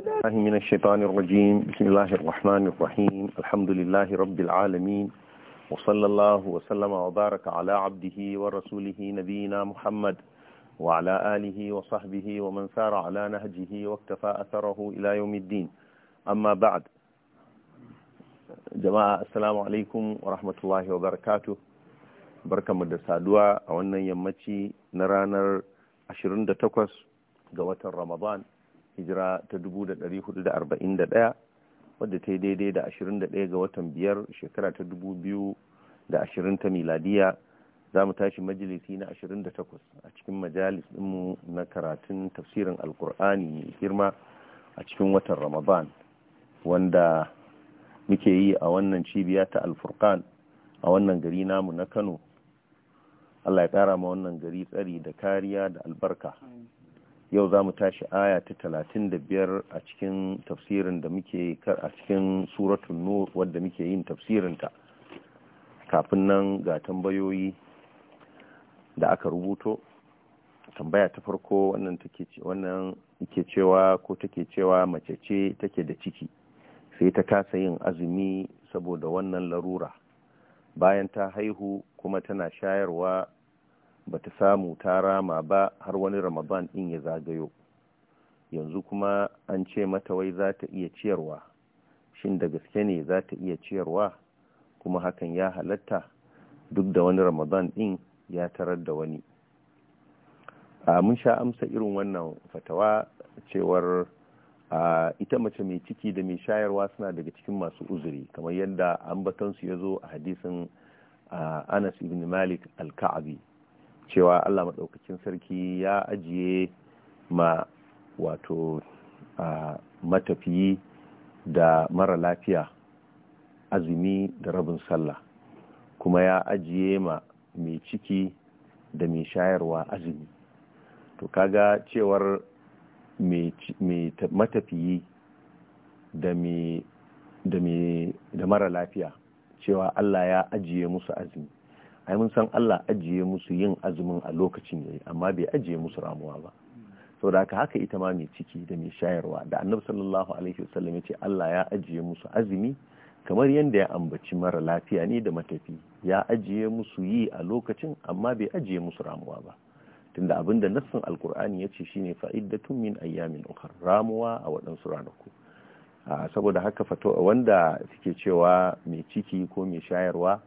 الله من الشيطان الرجيم بسم الله الرحمن الرحيم الحمد لله رب العالمين وصلى الله وسلم وبارك على عبده ورسوله نبينا محمد وعلى آله وصحبه ومن سار على نهجه واكتفى أثره إلى يوم الدين أما بعد jama'a assalamu alaikum wa rahmatullahi wa barakatu barkamu da saduwa a wannan yammaci na ranar 28 ga watan ramadan hijira ta 1441 wadda ta yi daidai da 21 ga watan biyar shekara ta 2020 ta miladiya za mu tashi majalisi na 28 a cikin majalis ɗinmu na karatun tafsirin alkur'ani mai girma a cikin watan ramadan wanda muke yi a wannan cibiya ta alfurkan a wannan gari namu na kano allah ya kara ma wannan gari tsari da kariya da albarka yau za mu tashi aya ta talatin da biyar a cikin tafsirin da muke kar a cikin suratun nur wadda muke yin tafsirin ta kafin nan ga tambayoyi da aka rubuto tambaya ta farko wannan take wannan yake cewa ko take cewa mace ce take da ciki sai ta kasa yin azumi saboda wannan larura bayan ta haihu kuma tana shayarwa bata samu ta rama ba har wani ramadan din ya zagayo yanzu kuma an ce mata wai za ta iya ciyarwa shin da gaske ne za ta iya ciyarwa kuma hakan ya halatta duk da wani ramadan din ya tarar da wani a mun sha amsa irin wannan fatawa cewar a ita mace mai ciki da mai shayarwa suna daga cikin masu uzuri kamar yadda ambatansu ya zo a hadisin anas ibn malik al-ka'abi cewa Allah maɗaukakin sarki ya ajiye ma wato matafiyi da mara lafiya azumi da rabin sallah kuma ya ajiye ma mai ciki da mai shayarwa azumi to kaga cewar matafiyi da mara lafiya cewa Allah ya ajiye musu azumi ai mun san Allah ajiye musu yin azumin a lokacin yayi amma bai ajiye musu ramuwa ba saboda haka haka ita ma mai ciki da mai shayarwa da annabi sallallahu alaihi wasallam ya ce Allah ya ajiye musu azumi kamar yadda ya ambaci mara lafiya ne da matafi ya ajiye musu yi a lokacin amma bai ajiye musu ramuwa ba tunda abinda nassin alkur'ani ya ce shine fa'iddatun min ayyamin ukhra ramuwa a waɗansu ranaku ah, saboda haka fato wanda suke cewa mai ciki ko mai shayarwa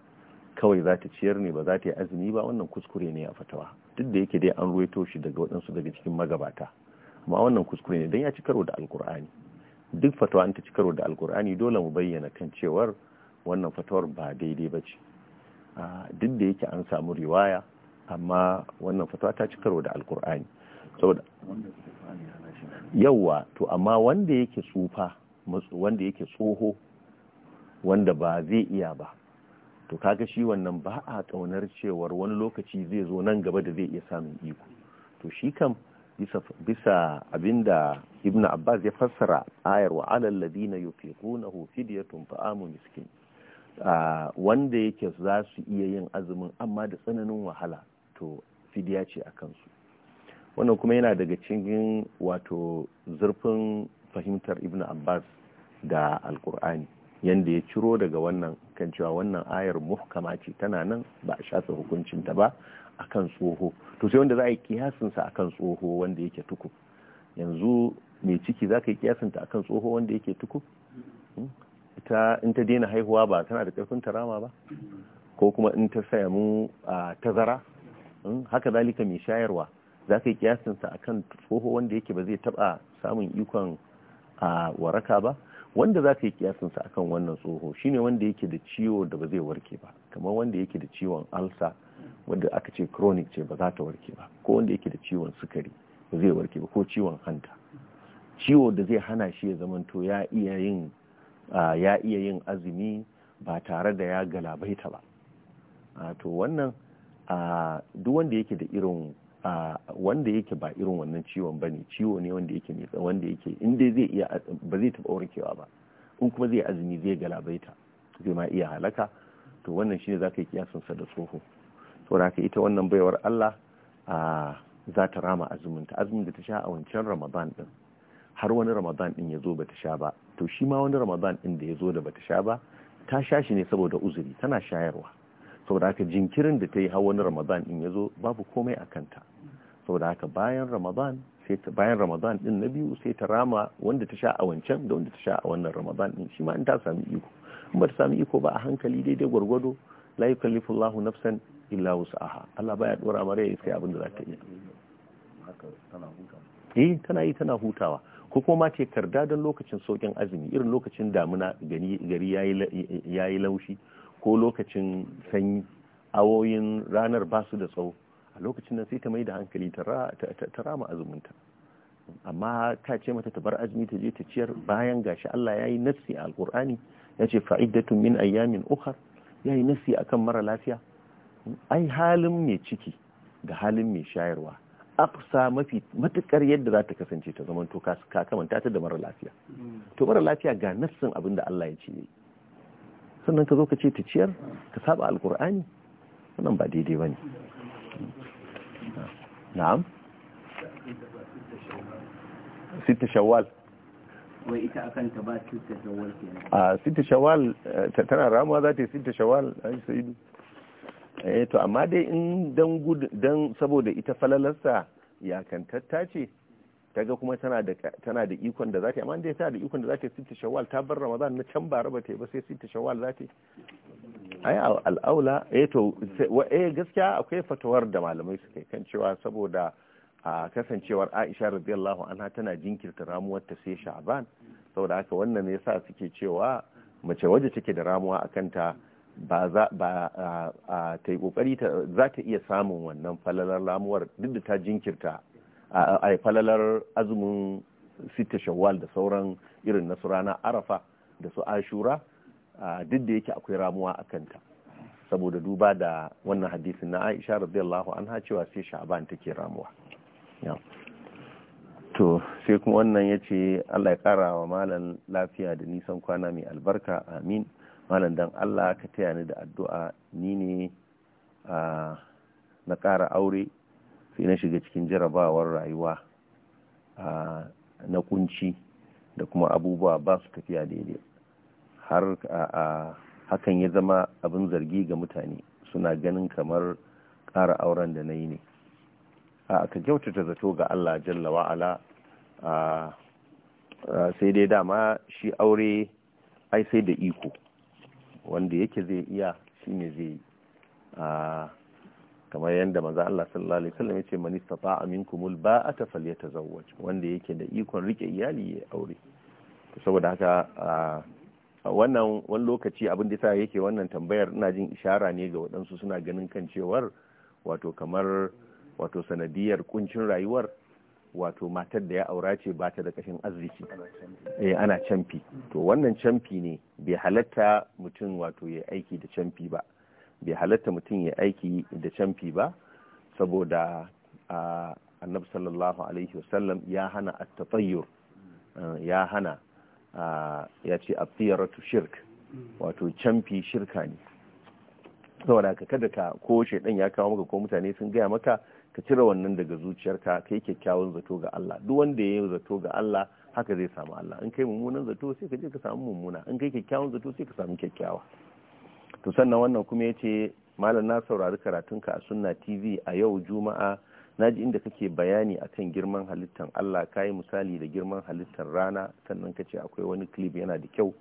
kawai za ta ciyar ne ba za ta yi azumi ba wannan kuskure ne a fatawa duk da yake dai an ruwaito shi daga waɗansu daga cikin magabata amma wannan kuskure ne don ya ci karo da alkur'ani duk fatawa an ta ci karo da alkur'ani dole mu bayyana kan cewar wannan fatawar ba daidai ba ce ah, duk da yake an samu riwaya amma wannan fatawa ta ci karo da alkur'ani saboda yawwa to amma wanda yake tsufa wanda yake tsoho wanda ba zai iya ba to kaga shi wannan ba a kaunar cewar wani lokaci zai zo nan gaba da zai iya samun iko to shi kam bisa abinda ibn abbas ya fassara ayar wa alal ladina yufiqunahu fidyatun fa'amu miskin wanda yake za su iya yin azumin amma da tsananin wahala to fidya ce a kansu wannan kuma yana daga cikin wato zurfin fahimtar ibn abbas da alkur'ani yanda ya ciro daga wannan kan cewa wannan ayar muhkama ce tana nan ba a shafe ta ba akan tsoho to sai wanda za a yi kiyasinsa akan tsoho wanda yake tuku yanzu mai ciki za ka yi kiyasinta akan tsoho wanda yake tuku hmm? ita in ta daina haihuwa ba tana da ƙarfin tarama ba ko kuma in ta saya a tazara hmm? haka zalika mai shayarwa za ka yi kiyasinsa akan tsoho wanda yake ba zai taɓa samun ikon a waraka ba wanda za ka yi kiyasinsa akan wannan tsoho shine wanda yake da ciwo da ba zai warke ba kamar wanda yake da ciwon alsa wanda aka ce chronic ce ba za ta warke ba ko wanda yake da ciwon sukari ba zai warke ba ko ciwon hanta ciwo da zai hana shi ya zamanto ya iya yin ya iya yin azumi ba tare da ya galabaita ba to wannan duk wanda yake da irin wanda yake ba irin wannan ciwon bane ciwo ne wanda yake mai wanda yake in dai zai iya ba zai taba warkewa ba in kuma zai azumi zai galabaita zai ma iya halaka to wannan shine zaka yi kiyasin sa da tsoho saboda haka ita wannan baiwar Allah a za ta rama azumin ta azumin da ta sha a wancan Ramadan din har wani Ramadan din ya zo ba ta sha ba to shi ma wani Ramadan din da ya zo da ba ta sha ba ta sha shi ne saboda uzuri tana shayarwa saboda haka jinkirin da ta yi hawan ramadan in ya zo babu komai a kanta saboda haka bayan ramadan sai ta bayan ramadan din na biyu sai ta rama wanda ta sha a wancan da wanda ta sha a wannan ramadan din shi ma in ta sami iko in ba ta sami iko ba a hankali daidai gwargwado la yukallifu Allahu nafsan illa wus'aha Allah baya dora mare ya sai abin da za ta yi eh tana yi tana hutawa ko kuma ce karda don lokacin saukin azumi irin lokacin damina gari yayi laushi ko lokacin sanyi awoyin ranar ba su da tsawo a lokacin nan sai ta mai da hankali ta rama azuminta amma ta ce mata ta bar azumi ta je ta ciyar bayan gashi Allah ya yi nassi a alkur'ani ya ce fa'idatun min ayyamin ukhar ya yi nassi kan mara lafiya ai halin mai ciki da halin mai shayarwa aqsa mafi matukar yadda za ta kasance ta zama to ka kamanta ta da mara lafiya mm. to mara lafiya ga nassin abin da Allah ya ce sannan ka zo ka ce ta ciyar ka saba alkur'ani wannan ba daidai ba ne na'am sita shawal. wai ita akan ta ba sita shawal kenan a sita shawal tana ramuwa za ta yi sita a yi sai eh to amma dai in dan saboda ita falalarsa ya kan tattace kaga kuma tana da tana da ikon da zata amma dai tana da ikon da zata ta shawwal ta bar ramadan na can ba raba ta ba sai ta shawwal zata ai al'aula eh to eh gaskiya akwai fatawar da malamai suke kan cewa saboda a kasancewar Aisha radiyallahu anha tana jinkirta ramuwar ta sai Sha'ban saboda haka wannan yasa suke cewa mace waje take da ramuwa akan ta ba za ba a ta yi kokari ta za ta iya samun wannan falalar ramuwar duk da ta jinkirta a falalar azumin sita shawwal da sauran irin na surana arafa da su ashura duk da yake akwai ramuwa a kanta saboda duba da wannan hadisin na aisha radiyallahu an cewa sai sha'ban take ramuwa to sai kuma wannan ya ce allah ya kara wa malam lafiya da nisan kwana mai albarka amin malam dan allah ka taya ni da addu'a ni ne na kara aure sai na shiga cikin jarabawar rayuwa na kunci da kuma abubuwa ba su tafiya daidai har a hakan ya zama abin zargi ga mutane suna ganin kamar ƙara auren da na yi ne a ka kyautata zato ga Allah jalla wa'ala sai dai dama shi aure ai sai da iko wanda yake zai iya shine zai yi kamar yadda maza Allah sallallahu alaihi wasallam yace man istata'a minkumul ba'ata falyatazawwaj wanda yake da ikon rike iyali ya aure saboda haka wannan wani lokaci abin da yasa yake wannan tambayar ina jin ishara ne ga waɗansu suna ganin kan cewar wato kamar wato sanadiyar kuncin rayuwar wato matar da ya aura ce ba ta da kashin arziki eh ana camfi to wannan camfi ne bai halatta mutum wato ya aiki da camfi ba bai halatta mutum ya aiki da camfi ba saboda annabi sallallahu alaihi wasallam ya hana at-tatayyur eh, ya hana ya ce fiye shirk wato camfi shirka ne saboda ka kada ka ko shaidan ya kawo maka ko mutane sun gaya maka ka cire wannan daga zuciyarka kai kyakkyawan zato ga Allah duk wanda ya yi zato ga Allah haka zai samu Allah in kai mummunan zato sai ka je ka samu mummuna in kai kyakkyawan zato sai ka samu kyakkyawa to sannan wannan kuma ya ce malam na saurari karatun ka a sunna tv a yau juma'a naji inda kake bayani akan girman halittar allah ka misali da girman halittar rana sannan ka ce akwai wani clip yana da kyau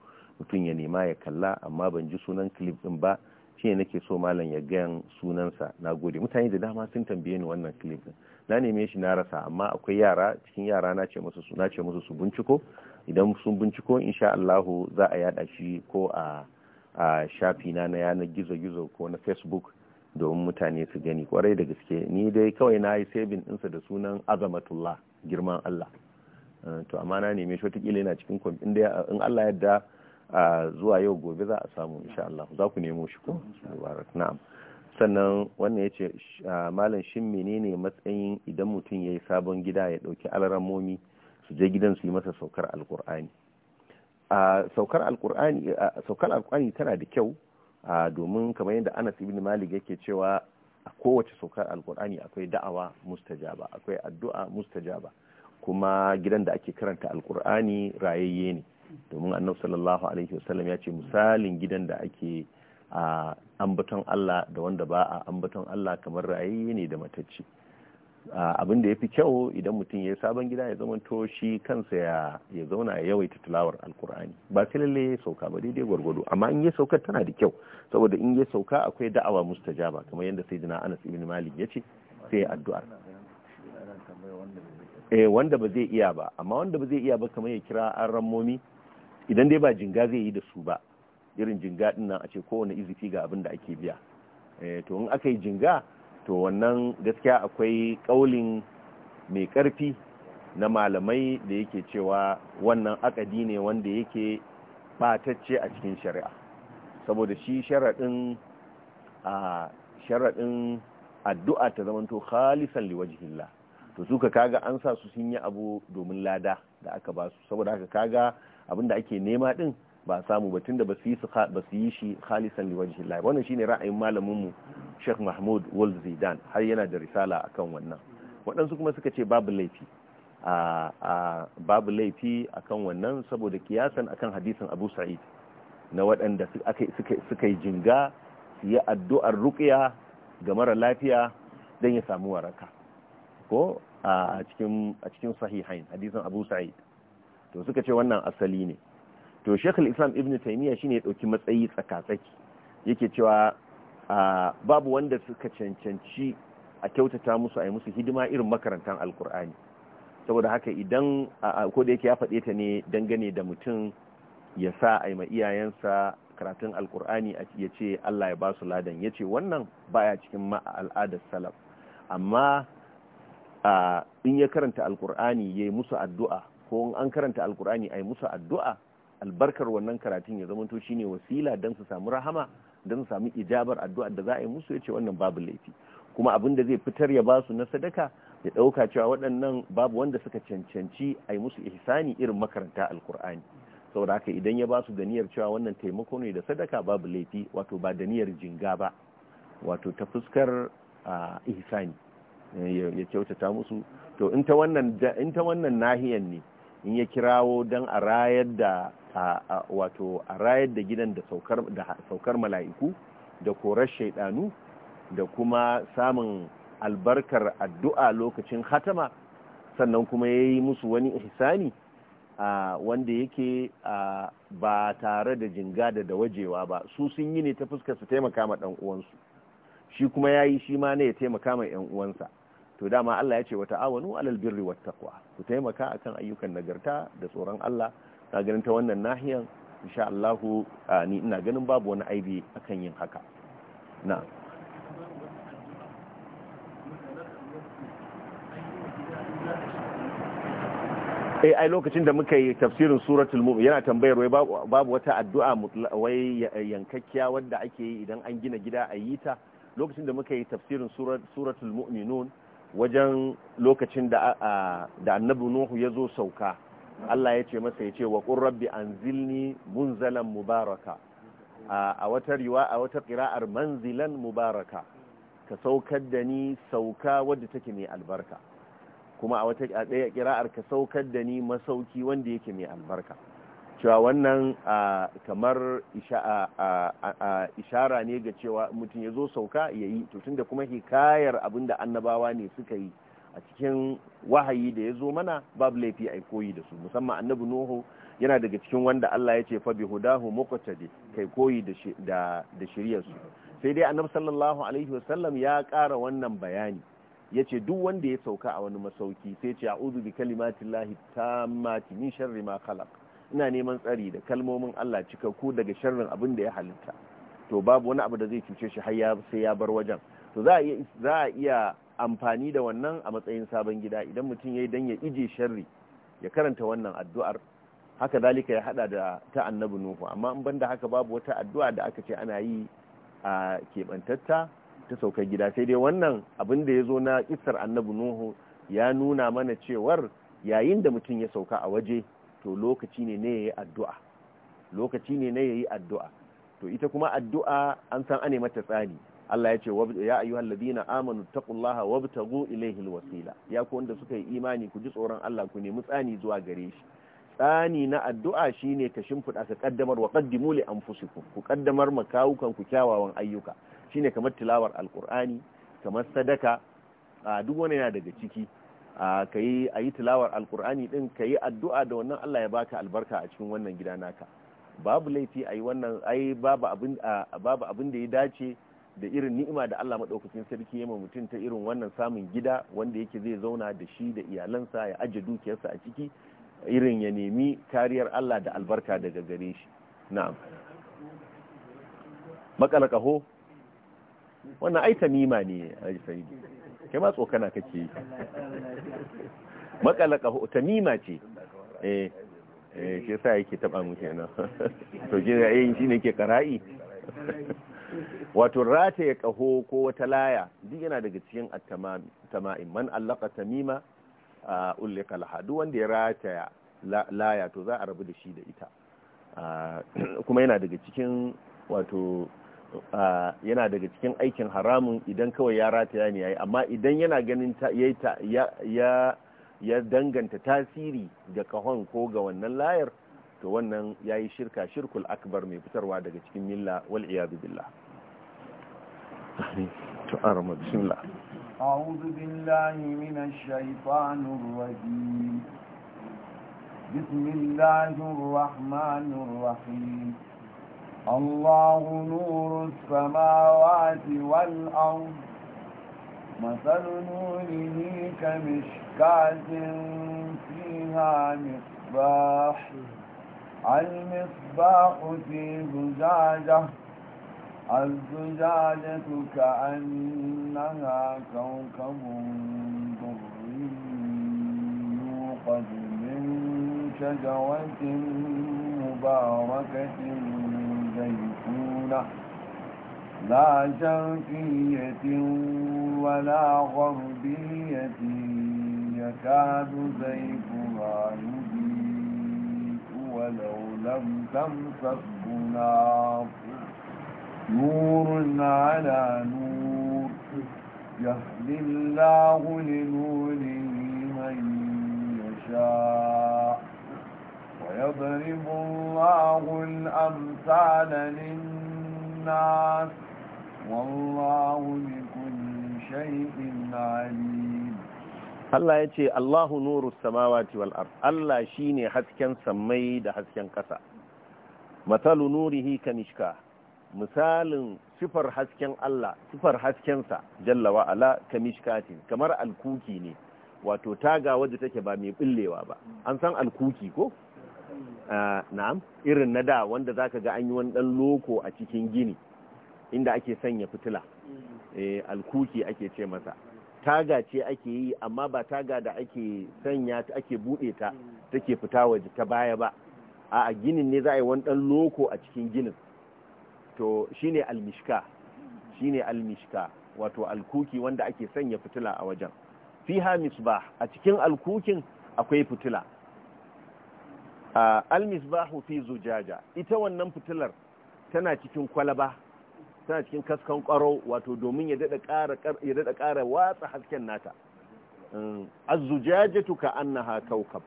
mutum ya nema ya kalla amma ban ji sunan clip din ba shi nake so malam ya ga sunansa na gode mutane da dama sun tambaye ni wannan clip din na neme shi na rasa amma akwai yara cikin yara na ce musu su ce musu su binciko idan sun binciko insha allahu za a yada shi ko a a shafi na na yanar gizo-gizo ko na facebook domin mutane su gani kwarai da gaske ni dai kawai na yi sabin ɗinsa da sunan azamatullah girman Allah eh, to amma na neme shi watakila yana cikin kwamfuta in Allah yadda zuwa yau gobe za a samu insha Allah za ku nemo shi ko na'am sannan wannan ya yace malam shin ne matsayin idan mutum ya yi sabon gida ya dauki alramomi su je gidan su yi masa saukar alkur'ani saukar alkur'ani tana da kyau domin kamar yadda Anas ibn Malik yake cewa a kowace saukar alkur'ani akwai da'awa mustajaba akwai addu'a mustajaba kuma gidan da ake karanta alkur'ani rayayye ne domin annabi sallallahu alaihi wasallam ya ce misalin gidan da ake ambaton Allah da wanda ba a ambaton Allah kamar rayayye ne da matacci abin da ya fi kyau idan mutum ya yi sabon gida ya zama to shi kansa ya zauna ya yawaita tilawar alkur'ani ba sai lalle ya sauka ba daidai gwargwado amma in ya sauka tana da kyau saboda in ya sauka akwai da'awa mustajaba kamar yadda Anas ibn Malik yace sai addu'ar eh wanda ba zai iya ba amma wanda ba zai iya ba kamar ya kira an rammomi idan dai ba jinga zai yi da su ba irin jinga din nan a ce kowane izifi ga abin da ake biya eh, to in aka yi jinga to wannan gaskiya akwai ƙaulin mai karfi na malamai da yake cewa wannan akadi ne wanda yake batacce a cikin shari'a saboda shi sharaɗin a sharaɗin addu'a ta zamanto khalisan liwajihillah to suka kaga an sa su sun yi abu domin lada da aka ba su saboda aka kaga abinda ake nema din ba samu ba tunda ba su yi shi khalisan liwajihillah wannan shine ra'ayin malamin mu Sheikh Mahmud Walzidan har yana da risala akan wannan waɗansu kuma suka ce babu laifi a babu laifi akan wannan saboda kiyasan akan hadisin Abu Sa'id na waɗanda suka yi jinga su yi addu'ar ruqya ga mara lafiya don ya samu waraka ko a cikin a cikin sahihain hadisin Abu Sa'id to suka ce wannan asali ne to Sheikh al-Islam Ibn Taymiyyah shine ya ɗauki matsayi tsakatsaki yake cewa babu wanda suka cancanci a kyautata musu a yi musu hidima irin makarantar alkur'ani saboda haka idan ko da yake ya faɗe ta ne dangane da mutum ya sa a yi ma iyayensa karatun alkur'ani a ya ce allah ya ba su ladan ya ce wannan baya cikin al'adar salaf amma in ya karanta alkur'ani ya yi musu addu'a ko an karanta alkur'ani a yi musu addu'a albarkar wannan karatun ya zama to shine wasila don su samu rahama don samu ijabar addu'ar da za a yi musu ya ce wannan babu laifi kuma abin da zai fitar ya ba su na sadaka ya ɗauka cewa waɗannan babu wanda suka cancanci a yi musu ihsani irin makaranta alkur'ani saboda haka idan ya ba su da niyyar cewa wannan taimako ne da sadaka babu laifi wato ba da niyyar jinga ba wato ta fuskar ihsani ya kyautata musu to in ta wannan nahiyan ne in ya kirawo don a rayar da wato a rayar da gidan da saukar mala'iku da korar shaidanu da kuma samun albarkar addu'a lokacin hatama sannan kuma ya yi musu wani ihsani wanda yake ba tare da jinga da wajewa ba su sun yi ne ta fuskar su taimaka ma ɗan uwansu shi kuma ya yi shi ma ne ya taimaka ma ‘yan uwansa to dama Allah ya ce wa ta'awanu alal birri wat taqwa ku taimaka akan ayyukan nagarta da tsoron Allah ka ganin ta wannan nahiyan insha Allah ni ina ganin babu wani aibi akan yin haka na ai eh, ai lokacin da muka yi tafsirin suratul mu'min yana tambayar wai babu wata addu'a wai yankakkiya wanda ake yi idan an gina gida a yi ta lokacin da muka yi tafsirin suratul mu'minun wajen lokacin da annabi nuhu ya zo sauka Allah ya ce masa ya ce wa qur rabbi anzilni munzalan mubaraka a wata riwa a wata qira'ar manzilan mubaraka ka saukar da ni sauka wadda take mai albarka kuma a wata ɗaya ka saukar da ni masauki wanda yake mai albarka cewa wannan kamar ishara ne ga cewa mutum ya zo sauka ya yi to da kuma hikayar abin da annabawa ne suka yi a cikin wahayi da ya zo mana babu laifi a koyi da su musamman annabu nuhu yana daga cikin wanda Allah ya ce fabi hudahu hudahu da kai koyi da shiryarsu sai dai annabi sallallahu alaihi wasallam ya kara wannan bayani ya ce duk wanda ya sauka a wani masauki sai ce a uzu bi kalimatillahi mati min sharri ma khalaq ina neman tsari da kalmomin Allah cikakku daga sharrin abin da ya halitta to babu wani abu da zai cuce shi har sai ya bar wajen to za a za a iya amfani da wannan a matsayin sabon gida idan mutum yayi dan ya ije sharri ya karanta wannan addu'ar haka dalika ya hada da ta annabi nuhu amma in banda haka babu wata addu'a da aka ce ana yi a kebantatta ta saukar gida sai dai wannan abin da ya zo na kissar annabi nuhu ya nuna mana cewar yayin da mutum ya sauka a waje to lokaci ne na yayi addu'a lokaci ne na yayi addu'a to ita kuma addu'a an san ane mata tsani. Allah ya ce ya ayyuhal ladina amanu taqullaha wabtagu ilayhi alwasila ya ku wanda suka yi imani ku ji tsoron Allah ku nemi tsani zuwa gare shi tsani na addu'a shine ka shimfida ka kaddamar wa qaddimu li anfusikum ku kaddamar makawukan ku kyawawan ayyuka shine kamar tilawar alqur'ani kamar sadaka a duk wani yana daga ciki ka yi a yi tilawar alkur'ani din ka yi addu'a da wannan Allah ya baka albarka a cikin wannan gida naka babu laifi a yi wannan ai babu abin da ya dace da irin ni'ima da Allah maɗaukacin sarki ya mutum ta irin wannan samun gida wanda yake zai zauna da shi da iyalansa ya aje dukiyarsa a ciki irin ya nemi kariyar Allah da albarka daga gare shi na'am makalakaho wannan ai tamima ne a kai ma tsokana kake yi makalaka tamima ce eh eh shi yasa yake taba mu kenan to je ga yin shi ne ke kara'i wato rata ya kaho ko wata laya duk yana daga cikin at-tama'im man allaka tamima ullika laha duk wanda ya rata laya to za a rabu da shi da ita kuma yana daga cikin wato yana daga cikin aikin haramun idan kawai ya rataya ya yayi amma idan yana ganin ya ya danganta tasiri ga kahon ko ga wannan layar to wannan ya yi shirka shirkul akbar mai fitarwa daga cikin milla wal iyadu billah to arama bismillah أعوذ بالله من الشيطان الرجيم بسم الله الرحمن الرحيم الله نور السماوات والأرض مثل نوره كمشكاة فيها مصباح المصباح في زجاجة الزجاجة كأنها كوكب ضري يوقد من شجرة مباركة زيتونة لا شرقية ولا غربية يكاد ما يضيء ولو لم تمسك نار نور على نور يهدي الله لنوره من يشاء ويضرب الله الأمثال للناس والله بكل شيء عليم Allah ya ce Allahu nuru samawati wal ard Allah shine hasken sammai da hasken ƙasa matalu nurihi kamishka misalin sifar hasken Allah sifar haskensa Jallawa wa ala kamishkatin kamar alkuki ne wato taga wadda take ba mai billewa ba an san alkuki ko na'am irin na da wanda zaka ga an yi wani dan loko a cikin gini inda ake sanya fitila eh, alkuki ake ce masa taga ce ake yi amma ba taga da ake sanya ta ake bude ta take fita waje ta baya ba a ginin ne za a yi wani dan loko a cikin ginin to shine almishka shine almishka wato alkuki wanda ake sanya fitila a wajen fiha misbah a cikin alkukin akwai fitila almisbahu fi zujaja ita wannan fitilar tana cikin kwalaba tana cikin kaskan kwaro wato domin ya dada ƙara ya dada ƙara watsa hasken nata mm, azujajatu ka annaha kaukab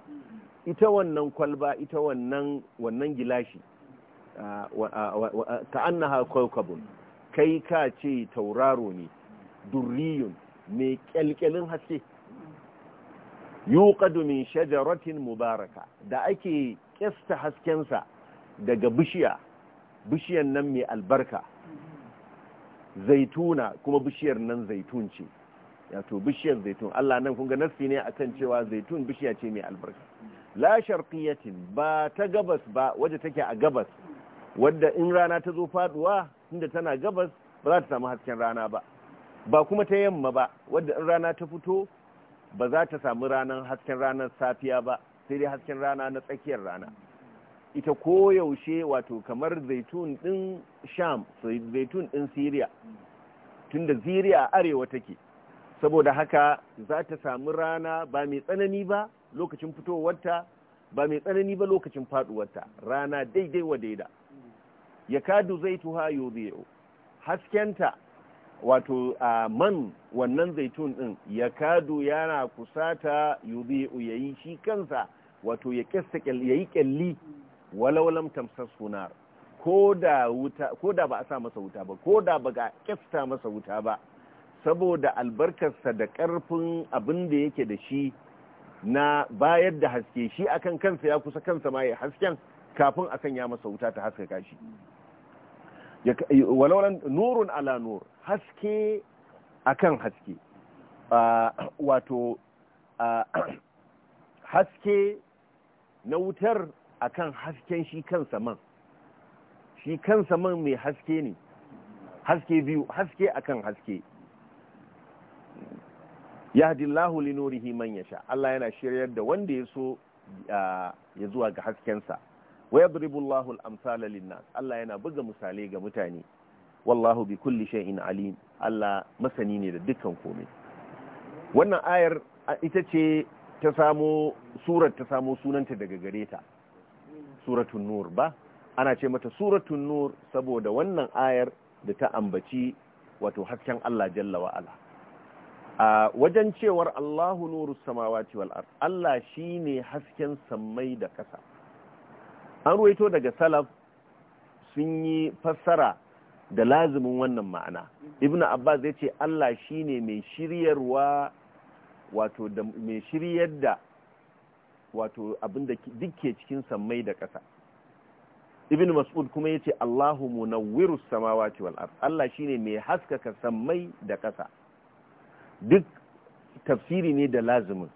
ita wannan kwalba ita wannan wannan gilashi ka annaha kaukab kai ka ce tauraro ne durriyun mai kyalkyalin haske yuqadu min shajaratin mubaraka da ake kista haskensa daga bishiya bishiyan nan mai albarka zaituna kuma bishiyar nan zaitun ce yato bishiyar zaitun Allah nan kun ga nassi ne akan cewa zaitun bishiya ce mai albarka la sharqiyatin ba ta gabas ba waje take a gabas wadda in rana ta zo faduwa inda tana gabas ba za ta samu hasken rana ba ba kuma ta yamma ba wadda in rana ta fito ba za ta samu ranar hasken ranar safiya ba sai dai hasken rana na tsakiyar rana ita koyaushe wato kamar zaitun din sham zaitun din syria tunda syria arewa take saboda haka za ta samu rana ba mai tsanani ba lokacin fitowarta ba mai tsanani ba lokacin faduwarta rana daidai wa daida ya kadu zaituha hasken haskenta wato a man wannan zaitun ɗin, ya kadu yana kusata Ya yayi shi kansa wato ya yayi kyalli walawalam tamsar sunar ko da ba a sa masa wuta ba ko da ba ga kesta masa wuta ba saboda albarkarsa da karfin abin da yake da shi na bayar da haske shi akan kansa ya kusa kansa ma ya hasken kafin a sanya masa wuta ta haskaka shi walawalan nurun ala nur haske akan haske wato haske na wutar akan hasken shi kansa man shi kansa man mai haske ne haske biyu haske akan haske yahdillahu li nurihi man sha Allah yana shiryar da wanda ya so ya zuwa ga haskensa wa ya buribun lahul amsala nan Allah yana buga misalai ga mutane wallahu bi kulli shay'in alim Allah masani ne da dukkan komai wannan ayar ita ce ta samo surar ta samo sunanta daga gare ta suratun nur ba ana ce mata suratul nur saboda wannan ayar da ta ambaci wato hasken Allah jalla wa ala a wajen cewar Allahu nurus samawati wal ard Allah shine hasken sammai da kasa an ruwaito daga salaf sun yi fassara da lazumin wannan ma'ana ibn abbas ya ce allah shine mai shiryarwa wato da mai shiryar da wato abinda dukke cikin sammai da ƙasa ibn mas'ud kuma ya ce allahu munawwirus samawati wal ard allah shine mai haskaka sammai da ƙasa duk tafsiri ne da lazumin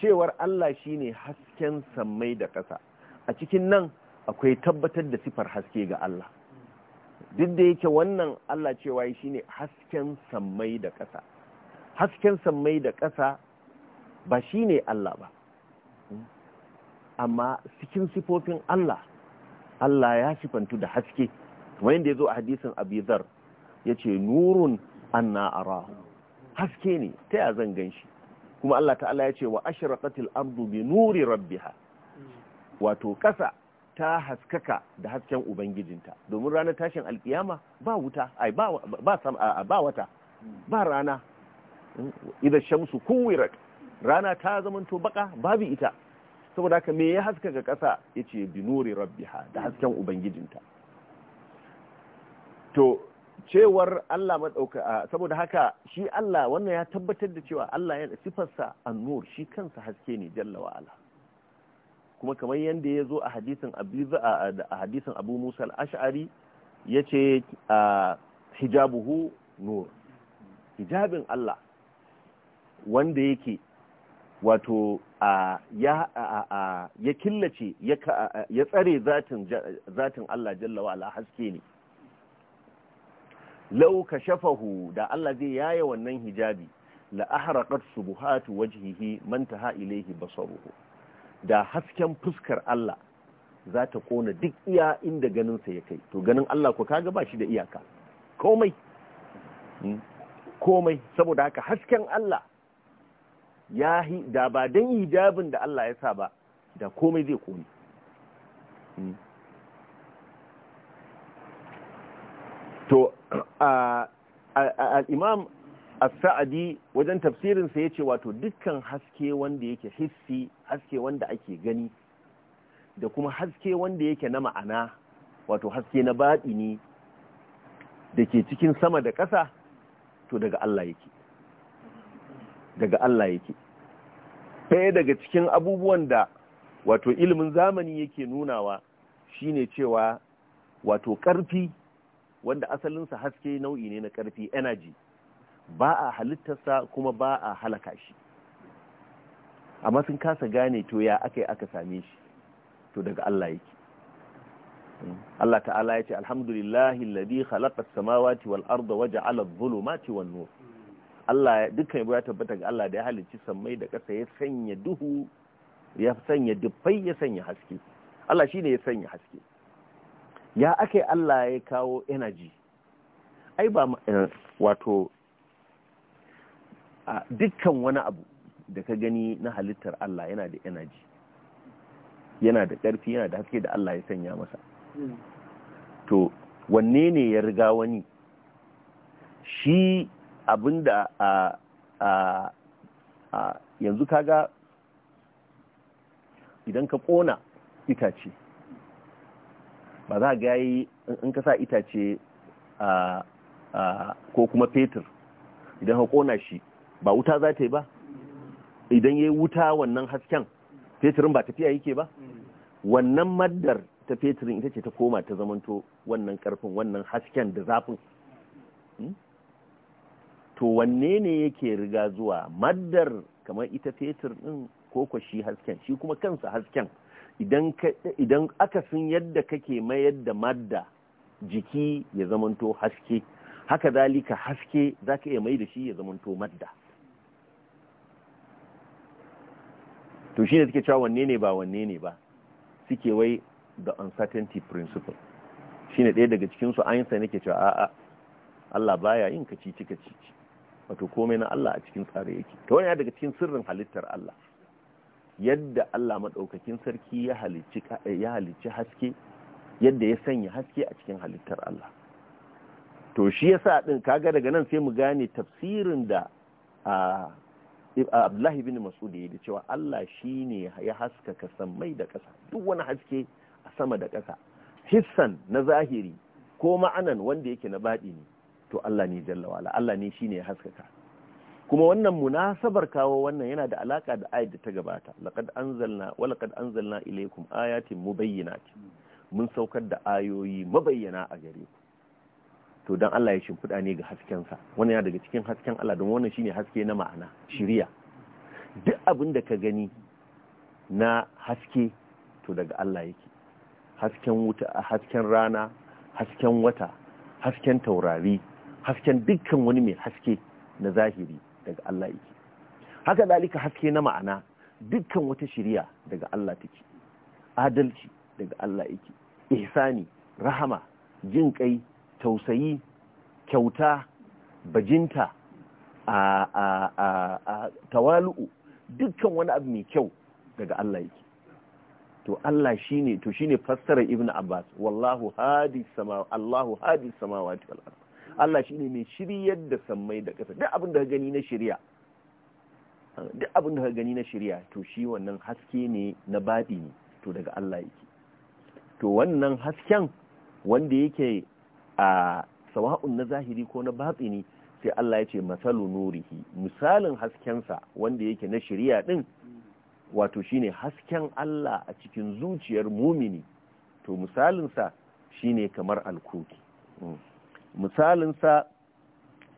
cewar allah shine hasken sammai da ƙasa a cikin nan akwai tabbatar da sifar haske ga allah duk da yake wannan Allah cewa shi ne hasken sammai da ƙasa hasken sammai da ƙasa ba shi ne Allah ba amma cikin sifofin Allah Allah ya sifantu da haske kamar yadda ya zo a hadisin abizar ya ce nurun anna arahu haske ne ta ya zan gan shi kuma Allah ta'ala ya ce wa ashraqatil ardu bi nuri rabbiha wato ƙasa ta haskaka da hasken ubangijinta domin ranar tashin alkiyama ba wuta ai ba ba wata ba rana idan shamsu kuwirat rana ta zamanto baka babu ita saboda haka me ya haskaka kasa yace binuri rabbiha da hasken ubangijinta to cewar Allah madauka saboda haka shi Allah wannan ya tabbatar da cewa Allah yana sifarsa annur shi kansa haske ne jalla wa ala kuma kamar yadda ya zo a hadisin abu musa al'ash'ari ya ce hijabuhu nur hijabin Allah wanda yake wato ya killace ya tsare zatin Allah jalla ala haske ne lau ka shafahu da Allah zai yaya wannan hijabi la'aharaqat subuhatu wajhihi manta taha ba basaruhu da hasken fuskar Allah za ta kona duk iya inda ganinsa ya kai to ganin Allah ko kaga ba da iyaka komai hmm. komai saboda haka hasken Allah ya hi da ba dan hijabin da Allah ya sa ba da komai zai kone hmm. to al-imam as wajen tafsirin sa yace wato dukkan haske wanda yake hissi haske wanda ake gani da kuma haske wanda yake na ma'ana wato haske na baɗi ne da ke cikin sama da ƙasa to daga Allah yake daga Allah yake ɗaya daga cikin abubuwan da wato ilimin zamani yake nunawa shine cewa wato ƙarfi wanda asalinsa haske nau'i ne na ƙarfi energy ba a halittarsa kuma ba a halaka shi amma sun kasa gane to ya aka yi aka same shi to daga Allah yake Allah ta'ala ya ce alhamdulillahi alladhi khalaqa as-samawati wal arda wa ja'ala adh-dhulumati wan nur Allah dukkan ya tabbata ga Allah da ya halicci sammai da ƙasa ya sanya duhu ya sanya dufai ya sanya haske Allah shine ya sanya haske ya ake Allah ya kawo energy ai ba eh, wato a dukkan wani abu da ka gani na halittar Allah yana da energy yana da ƙarfi yana da haske da Allah ya sanya masa to wanne ne ya riga wani shi abinda a a a yanzu kaga idan ka ƙona itace ba za ga yi in ka sa itace ko kuma fetur idan ka ƙona shi ba wuta za ta yi ba idan ya yi wuta wannan hasken fetirin ba tafiya yake ba wannan maddar ta fetirin ita ce ta koma ta zamanto wannan karfin wannan hasken da zafin hmm? to wanne ne yake riga zuwa maddar kamar ita fetir din koko shi hasken shi kuma kansa hasken idan aka sun yadda kake mayar da madda jiki ya zamanto haske haka zalika haske za ka iya mai da shi ya zamanto madda to shi ne suke cewa wanne ne ba wanne ne ba suke wai the uncertainty principle ne ɗaya daga cikin ainihin nake cewa a'a Allah baya yin kaci cika cici wato komai na Allah a cikin tsare yake to wani daga cikin sirrin halittar Allah yadda Allah maɗaukakin sarki ya halicci haske yadda ya sanya haske a cikin halittar Allah to shi yasa din kaga daga nan sai mu gane tafsirin da abdullahi bin masud ya cewa Allah shi ne ya haskaka sammai da ƙasa duk wani haske a sama da ƙasa hissan na zahiri ko ma'anan wanda yake na baɗi ne to Allah ne jallawala Allah ne shi ne ya haskaka kuma wannan munasabar kawo wannan yana da alaka da ayat da ta gabata laqad anzalna wa laqad anzalna ilaykum ayatin mubayyinatin mun saukar da ayoyi mabayyana a gare ku to don Allah ya shimfiɗa ne ga haskensa wannan yana daga cikin hasken Allah don wannan shine haske na ma'ana shiriya duk abin da ka gani na haske to daga Allah yake hasken wuta hasken rana hasken wata hasken taurari hasken dukkan wani mai haske na zahiri daga Allah yake haka dalika haske na ma'ana dukkan wata shiriya daga Allah take adalci daga Allah yake ihsani rahama jin kai tausayi kyauta bajinta a tawalu'u dukkan wani abu mai kyau daga Allah yake to Allah shine to shine fassara Ibn Abbas wallahu hadi sama Allahu hadis samawati wal ard Allah shine mai shiryar da sammai da ƙasa duk abin da ka gani na shirya duk abin da ka gani na shirya to shi wannan haske ne na baɗi ne to daga Allah yake to wannan hasken wanda yake a sawa'un na zahiri ko na batsini sai Allah ya ce masalu nurihi misalin haskensa wanda yake na shari'a din wato shine hasken Allah a cikin zuciyar mumini to misalinsa shine kamar alkuki mm. misalinsa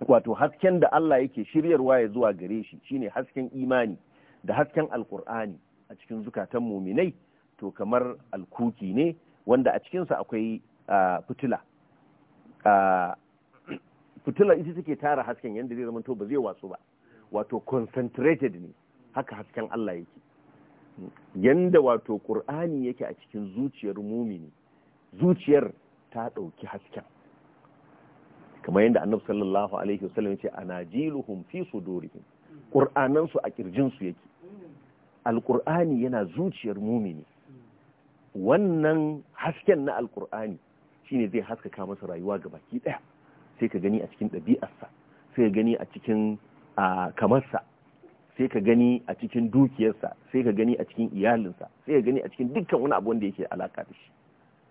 wato hasken da Allah yake shiryarwa ya zuwa gare shi shine hasken imani da hasken alkur'ani a cikin zukatan muminai to kamar alkuki ne wanda a cikinsa akwai ah, fitila fitilar ita take tara hasken yadda zai zamanto ba zai watsu ba wato concentrated ne haka hasken Allah yake yanda wato ƙur'ani yake a cikin zuciyar mumini zuciyar ta ɗauki hasken kamar yadda annabi sallallahu alaihi wasallam ya ce anajiluhum fi su qur'anan ƙur'anansu a ƙirjinsu su yake alƙur'ani yana zuciyar mumini wannan hasken na alƙur'ani ne zai haskaka masa rayuwa ga baki ɗaya, sai ka gani a cikin ɗabi'arsa sai ka gani a cikin kamarsa sai ka gani a cikin dukiyarsa sai ka gani a cikin iyalinsa sai ka gani a cikin dukkan wani abu wanda yake alaka da shi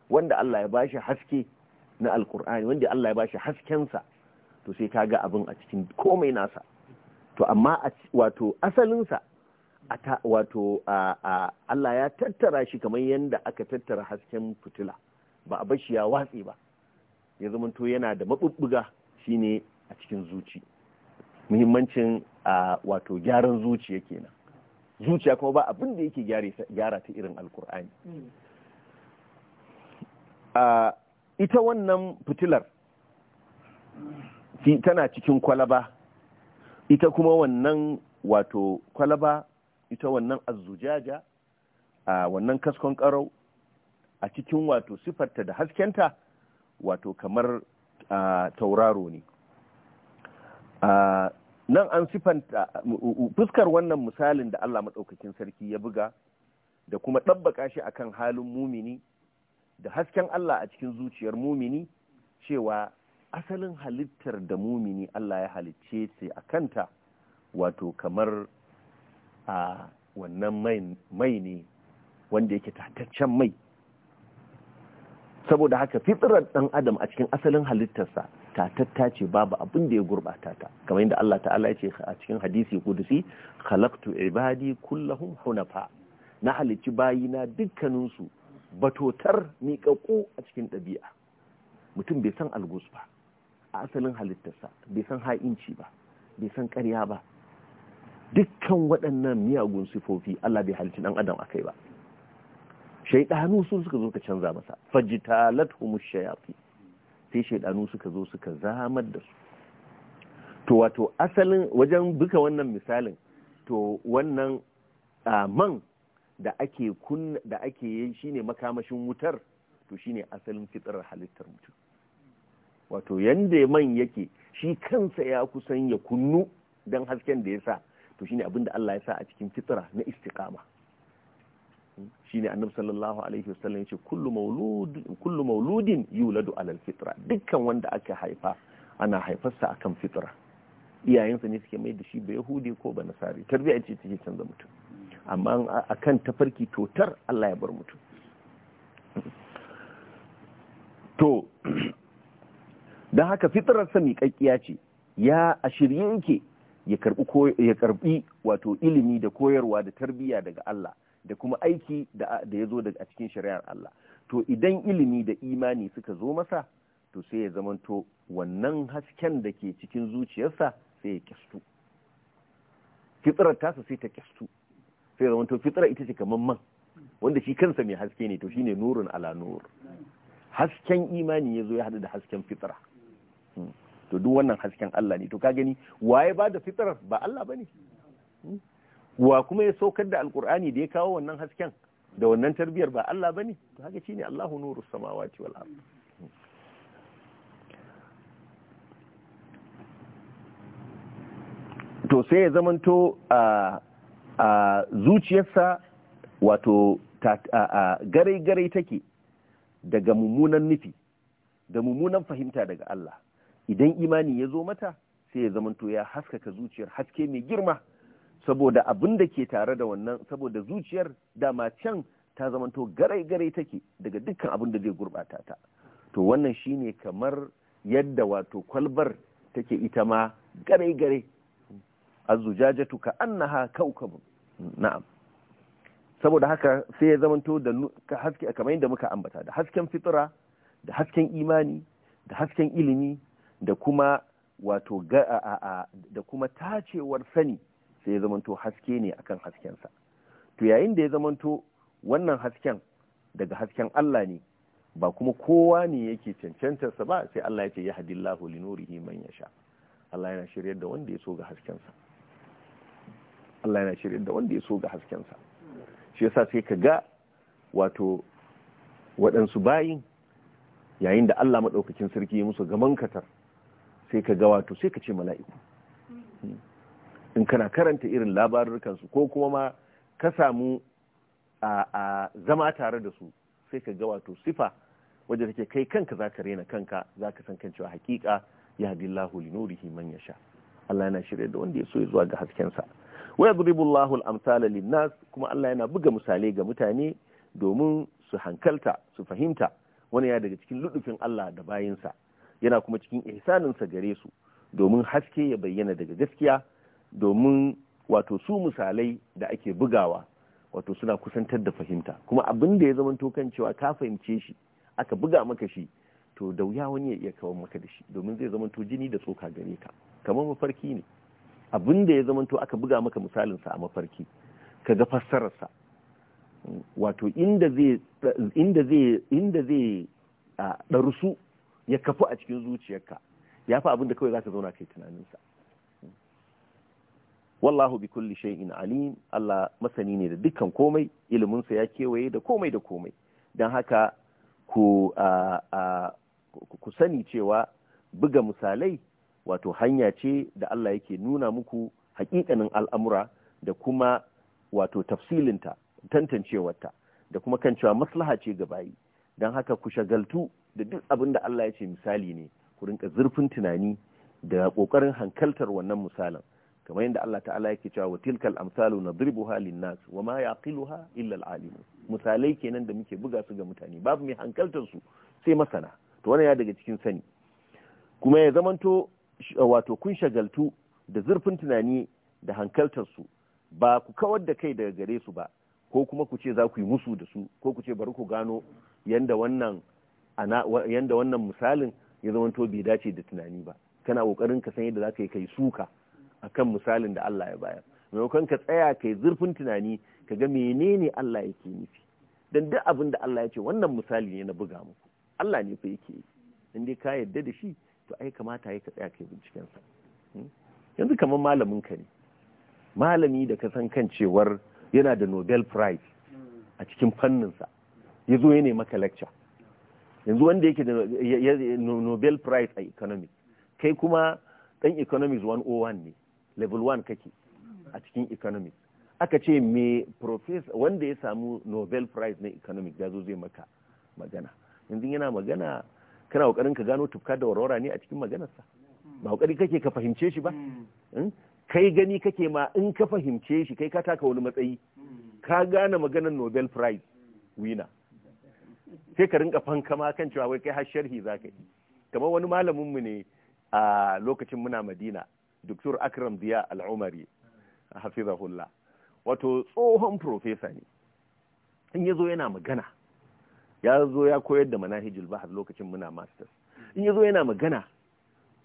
wanda Allah ya bashi haske na alkur'ani wanda Allah ya bashi haskensa to sai ka ga abin a cikin komai nasa to amma wato asalinsa wato Allah ya tattara shi kamar yadda aka tattara hasken fitila ba a bashi ya watsi ba ya to yana da maɓuɓɓuga shine a cikin zuci muhimmancin a wato gyaran zuciya kenan zuciya kuma ba abin da yake gyara ta irin alkur'ani hmm. ita wannan fitilar tana cikin kwalaba ita kuma wannan wato kwalaba ita wannan azujaja wannan kaskon karau a cikin wato sifarta da haskenta wato kamar tauraro ne nan an sifanta fuskar wannan misalin da Allah maɗaukakin sarki ya buga da kuma ɗabbaka shi akan halin mumini da hasken Allah a cikin zuciyar mumini cewa asalin halittar da mumini Allah ya halicce ce a kanta wato kamar a wannan mai ne wanda yake tataccen mai saboda haka fitrar dan adam a cikin asalin halittarsa ta tattace babu abin da ya gurbata ta kamar yadda Allah ta'ala ya ce a cikin hadisi kudusi khalaqtu ibadi kullahum hunafa na halicci bayina dukkanin su batotar miƙaƙo a cikin ɗabi'a mutum bai san algus ba a asalin halittarsa bai san ha'inci ba bai san ƙarya ba dukkan waɗannan miyagun sifofi Allah bai halicci dan adam akai ba shaidanu sun suka zo ka canza masa humus shayati sai shaidanu suka zo suka zamar da su to wato asalin wajen duka wannan misalin to wannan man da ake kun da ake yin shine makamashin wutar to shine asalin fitrar halittar mutum wato yanda man yake shi kansa ya kusan ya kunnu dan hasken da ya sa to shine abinda Allah ya sa a cikin fitra na istiqama shine annabi sallallahu alaihi wasallam yace kullu kullu mauludin yuladu alal fitra dukkan wanda aka haifa ana haifarsa akan fitra iyayensa ne suke mai da shi ba yahudi ko ba nasari tarbiyya ce take canza mutum amma akan tafarki totar Allah ya bar mutum to dan haka fitararsa miƙaƙƙiya ce ya a shirye ya karbi wato ilimi da koyarwa da tarbiyya daga Allah da kuma aiki da ya zo a cikin shari'ar Allah to idan ilimi da imani suka zo masa to sai ya zamanto wannan hasken da ke cikin zuciyarsa sai ya kyastu fitrar tasa sai ta kyastu sai ya zamanto fitrar ita ce kamar man wanda shi kansa mai haske ne to shine nurun ala nur hasken imani ya zo ya haɗu da hasken fitra hmm. to duk wannan hasken Allah ne to ka gani waye ba da fitrar ba Allah ba ne hmm. wa kuma ya saukar da alkur'ani da ya kawo wannan hasken da wannan tarbiyar ba Allah ba ne to haka shine Allahu nuru samawati wal ard to sai ya zamanto a a zuciyarsa wato garai garai take daga mummunan nufi da mummunan fahimta daga Allah idan imani ya zo mata sai ya zamanto ya haskaka zuciyar haske mai girma saboda abin da ke tare da wannan saboda zuciyar dama can ta zamanto garai-garai take daga dukkan abin da zai gurbata ta to wannan shine kamar yadda wato kwalbar take ita ma garai-garai azujajatu ka annaha kaukabu na'am saboda haka sai ya zamanto da haske kamar yadda muka ambata da hasken fitira da hasken imani da hasken ilimi da kuma wato da kuma tacewar sani sai ya zamanto haske ne akan haskensa to yayin da ya zamanto wannan hasken daga hasken Allah ne ba kuma kowa ne yake cancantarsa ba sai Allah ya ce yahdillahu linurihi man yasha Allah yana shiryar da wanda ya so ga haskensa Allah yana shiryar da wanda ya so ga haskensa shi yasa sai ka ga wato waɗansu bayin yayin da Allah maɗaukakin sarki ya musu gaman katar sai ka ga wato sai ka ce mala'iku in kana karanta irin labarurkansu ko kuma ma ka samu a a zama tare da su sai ka ga wato sifa wadda take kai kanka za ka rena kanka za ka san kan cewa hakika ya hadi li nurihi man yasha Allah yana shirya da wanda ya so zuwa ga haskensa wa yadribu Allahu al-amsala lin-nas kuma Allah yana buga misalai ga mutane domin su hankalta su fahimta wani ya daga cikin ludufin Allah da bayinsa yana kuma cikin ihsaninsa gare su domin haske ya bayyana daga gaskiya domin wato su misalai da ake bugawa wato suna kusantar da fahimta kuma abin da ya zama kan cewa ka fahimce shi aka buga maka shi to da wuya wani ya iya kawo maka da shi domin zai zama to jini da tsoka gare ka kamar mafarki ne abin da ya zama to aka buga maka misalinsa a mafarki ka ga fassararsa wato inda zai inda zai inda zai ɗarusu ya kafu a cikin zuciyarka ya fa abin da kawai za zauna kai tunaninsa wallahu bi kulli shay'in alim Allah masani ne da dukkan komai ilimin sa ya kewaye da komai da komai dan haka ku ku sani cewa buga misalai wato hanya ce da Allah yake nuna muku hakikanin al'amura da kuma wato tafsilinta tantancewarta da kuma kan cewa maslaha ce ga bayi dan haka ku shagaltu da duk abin da Allah ya ce misali ne ku rinka zurfin tunani da ƙoƙarin hankaltar wannan misalin kamar yadda Allah ta'ala yake cewa wa tilkal amsalu nadribuha linnas wa ma yaqiluha illa al-alim misalai kenan da muke buga su ga mutane babu mai hankaltar su sai masana to wannan ya daga cikin sani kuma ya zamanto wato kun shagaltu da zurfin tunani da hankaltar su ba ku kawar da kai daga gare su ba ko kuma ku ce za ku yi musu da su ko ku ce bari ku gano yanda wannan ana yanda wannan misalin ya zamanto bai dace da tunani ba kana kokarin ka san yadda za ka yi kai suka akan misalin da Allah ya bayar maimakon ka tsaya kai zurfin tunani ka ga menene Allah yake nufi dan duk abin da Allah ya ce wannan misali ne na buga muku Allah ne fa yake yi in dai ka yadda da shi to ai kamata ya ka tsaya kai binciken sa hmm? yanzu kamar malamin ka ne malami da ka san kan cewar yana da Nobel Prize a cikin fannin sa ya zo ya ne maka lecture yanzu wanda yake da Nobel Prize a economics kai kuma dan economics 101 ne level 1 kake a cikin economics aka ce me professor wanda ya samu nobel prize na economics ya zo zai maka magana yanzu yana magana kana kokarin ka gano tufka da warwara ne a cikin maganarsa ba kokari kake ka fahimce shi ba hmm. kai gani kake ma in ka fahimce shi kai ka taka wani matsayi ka gane maganar nobel prize wina sai ka rinka fankama kan cewa wai kai har sharhi za yi kamar wani malamin mu ne a lokacin muna madina Dr. Akram Diya Al'umari hula wato tsohon profesa ne in ya zo yana magana ya zo ya koyar da manahijul bahar lokacin muna masters in ya zo yana magana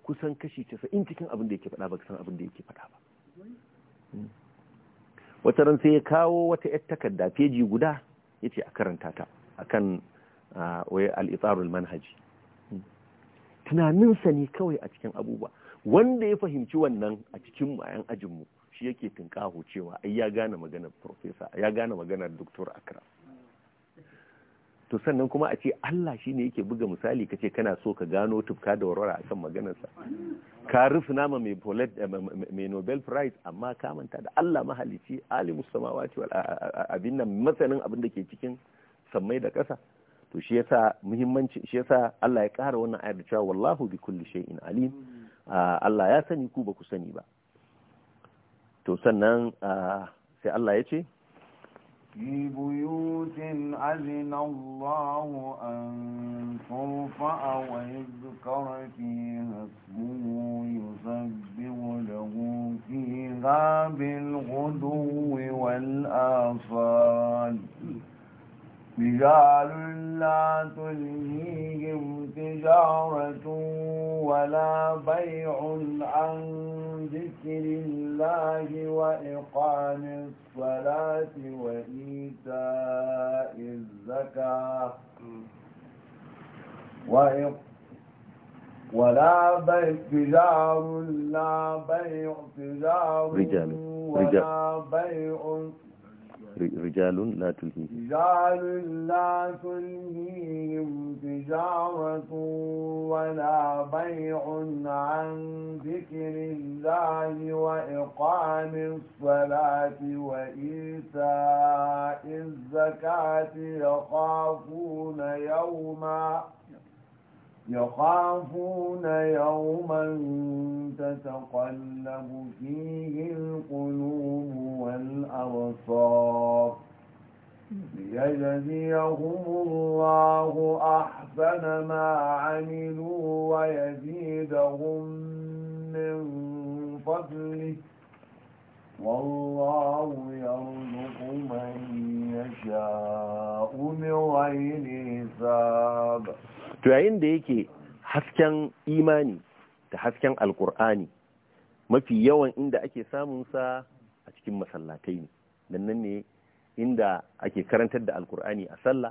kusan kashi casa'in cikin abin da yake fada ba kusan abin da yake fada ba hmm. wata ran sai ya kawo wata yar takarda feji guda ya ce a karanta ta akan ah, wai al'itsarul manhaji hmm. tunaninsa ne kawai a cikin abubuwa wanda ya fahimci wannan a cikin mu ajinmu shi yake tinkaho cewa ai ya gane maganar professor ya gane maganar doctor akra to sannan kuma a ce Allah shi ne yake buga misali ka ce kana so ka gano tufka da warwara a kan maganarsa ka rufe nama mai eh, nobel prize amma ka manta da Allah mahalici Ali samawati wal abin da ke cikin sammai da ƙasa to shi yasa muhimmanci shi yasa Allah ya ƙara wannan ayar da cewa wallahu bi kulli shay'in alim Allah ya sani ku ba ku sani ba. To sannan sai Allah ya ce, Fi buyutin azina Allahu an tofa a wani zukarfi hasu yusabbi wadda hunki gabin hudu wal asali. رجال لا تلهيهم تجارة ولا بيع عن ذكر الله وإقام الصلاة وإيتاء الزكاة ولا بيع تجار لا بيع تجار ولا بيع رجال لا تلهيهم رجال لا تلهيهم تجارة ولا بيع عن ذكر الله وإقام الصلاة وإيتاء الزكاة يخافون يوما يخافون يوما تتقلب فيه القلوب والأبصار ليجزيهم الله أحسن ما عملوا ويزيدهم من فضله والله يرزق من يشاء من غير حساب to yayin da yake hasken imani da hasken alkur'ani mafi yawan inda ake samunsa a cikin masallatai ne dan nan ne inda ake karantar da alkur'ani a sallah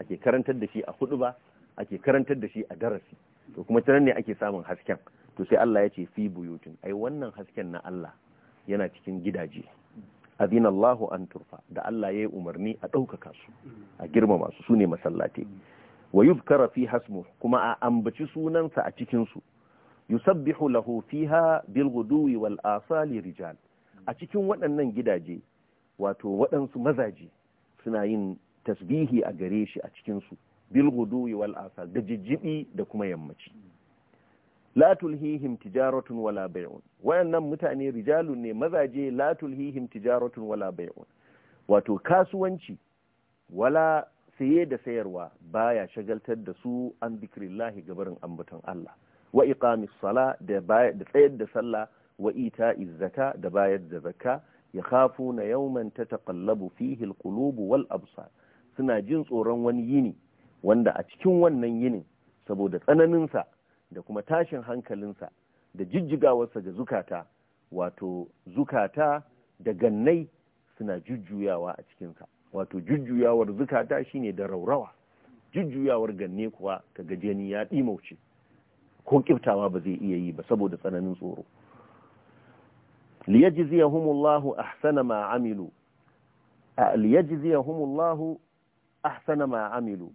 ake karantar da shi a huduba ake karantar da shi a darasi to kuma ta nan ne ake samun hasken to sai Allah ya ce fi buyutin ai wannan hasken na Allah yana cikin gidaje azina Allahu an turfa da Allah ya yi umarni a ɗaukaka su a girmama su sune masallatai wa yuzkara fi hasmu kuma a ambaci sunansa a cikinsu su yusabbihu lahu fiha bil ghuduwi wal asali rijal a cikin waɗannan gidaje wato waɗansu mazaje suna yin tasbihi a gare shi a cikin su bil ghuduwi wal asal da jijjibi da kuma yammaci la tulhihim tijaratun wala bay'un wayannan mutane rijalun ne mazaje la tulhihim tijaratun wala bay'un wato kasuwanci wala saye da sayarwa baya shagaltar da su an zikrillahi gabarin ambaton Allah wa iqamis sala da da tsayar da sallah wa ita izzata da bayar da zakka ya na yawman tataqallabu fihi alqulubu wal absar suna jin tsoron wani yini wanda a cikin wannan yinin saboda tsananinsa da kuma tashin hankalinsa da jijjigawarsa ga zukata wato zukata da gannai suna jujjuyawa a cikinsa wato jujjuyawar zukata shine da raurawa jujjuyawar ganne kuwa ka gajeni ya ɗimauce ko kiftawa ba zai iya yi ba saboda tsananin tsoro liyajziyahumullahu ahsana ma amilu liyajziyahumullahu ahsana ma amilu